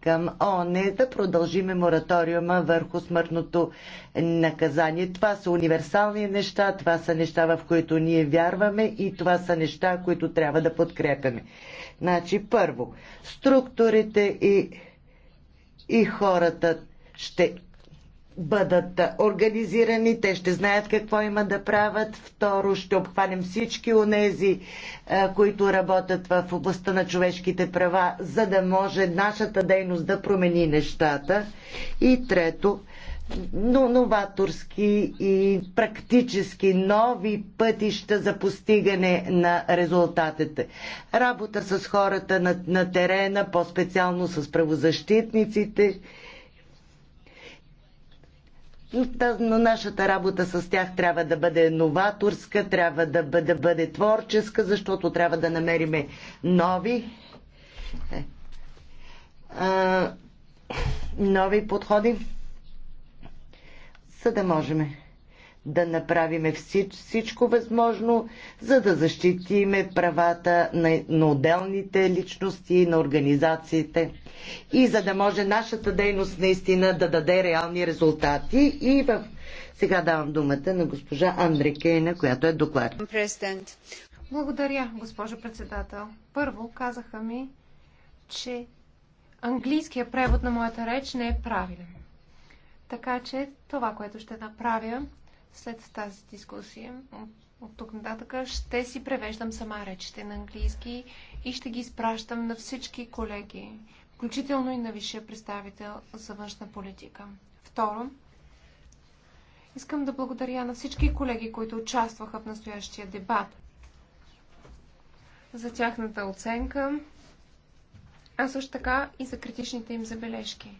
към ООН е да продължиме мораториума върху смъртното наказание. Това са универсални неща, това са неща, в които ние вярваме и това са неща, които трябва да подкрепяме. Значи, първо, структурите и, и хората ще бъдат организирани, те ще знаят какво има да правят. Второ, ще обхванем всички онези, е, които работят в областта на човешките права, за да може нашата дейност да промени нещата. И трето, но новаторски и практически нови пътища за постигане на резултатите. Работа с хората на, на терена, по-специално с правозащитниците но нашата работа с тях трябва да бъде новаторска, трябва да бъде, да бъде творческа, защото трябва да намериме нови нови подходи, за да можем да направиме всич, всичко възможно, за да защитиме правата на, на отделните личности, на организациите и за да може нашата дейност наистина да даде реални резултати. И в... сега давам думата на госпожа Андре Кейна, която е доклад. Благодаря, госпожо председател. Първо казаха ми, че английският превод на моята реч не е правилен. Така че това, което ще направя след тази дискусия, от тук нататък, ще си превеждам сама речите на английски и ще ги изпращам на всички колеги, включително и на висшия представител за външна политика. Второ, искам да благодаря на всички колеги, които участваха в настоящия дебат за тяхната оценка, а също така и за критичните им забележки.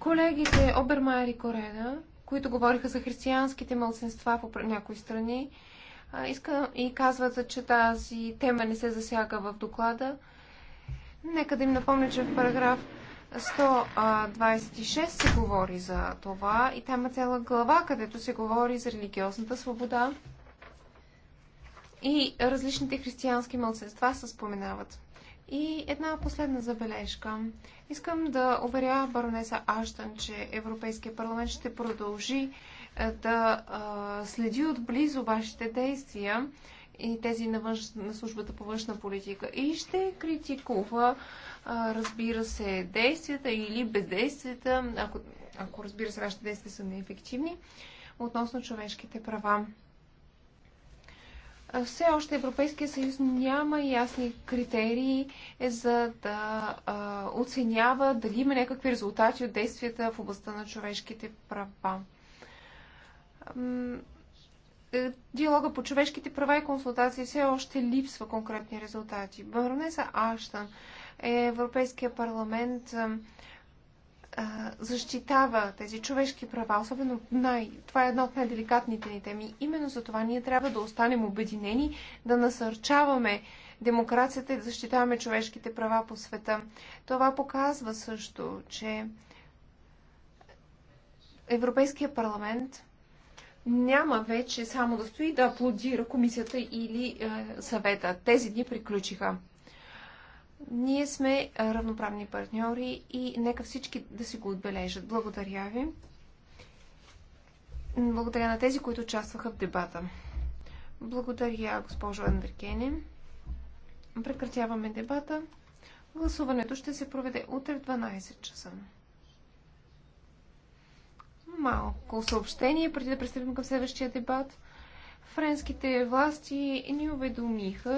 Колегите Обермайер и Кореда които говориха за християнските мълсенства в някои страни иска, и казват, че тази тема не се засяга в доклада. Нека да им напомня, че в параграф 126 се говори за това и там е цяла глава, където се говори за религиозната свобода и различните християнски мълсенства се споменават. И една последна забележка. Искам да уверя баронеса Аштън, че Европейския парламент ще продължи е, да следи отблизо вашите действия и тези на, външ... на службата по външна политика и ще критикува, разбира се, действията или бездействията, ако, ако разбира се, вашите действия са неефективни, относно човешките права все още Европейския съюз няма ясни критерии за да а, оценява дали има някакви резултати от действията в областта на човешките права. Е, диалога по човешките права и консултации все още липсва конкретни резултати. Баронеса Аштън, е Европейския парламент защитава тези човешки права, особено най... Това е една от най-деликатните ни теми. Именно за това ние трябва да останем обединени, да насърчаваме демокрацията и да защитаваме човешките права по света. Това показва също, че Европейския парламент няма вече само да стои да аплодира комисията или е, съвета. Тези дни приключиха. Ние сме равноправни партньори и нека всички да си го отбележат. Благодаря ви. Благодаря на тези, които участваха в дебата. Благодаря, госпожо Андрекене. Прекратяваме дебата. Гласуването ще се проведе утре в 12 часа. Малко съобщение, преди да пристъпим към следващия дебат. Френските власти ни уведомиха,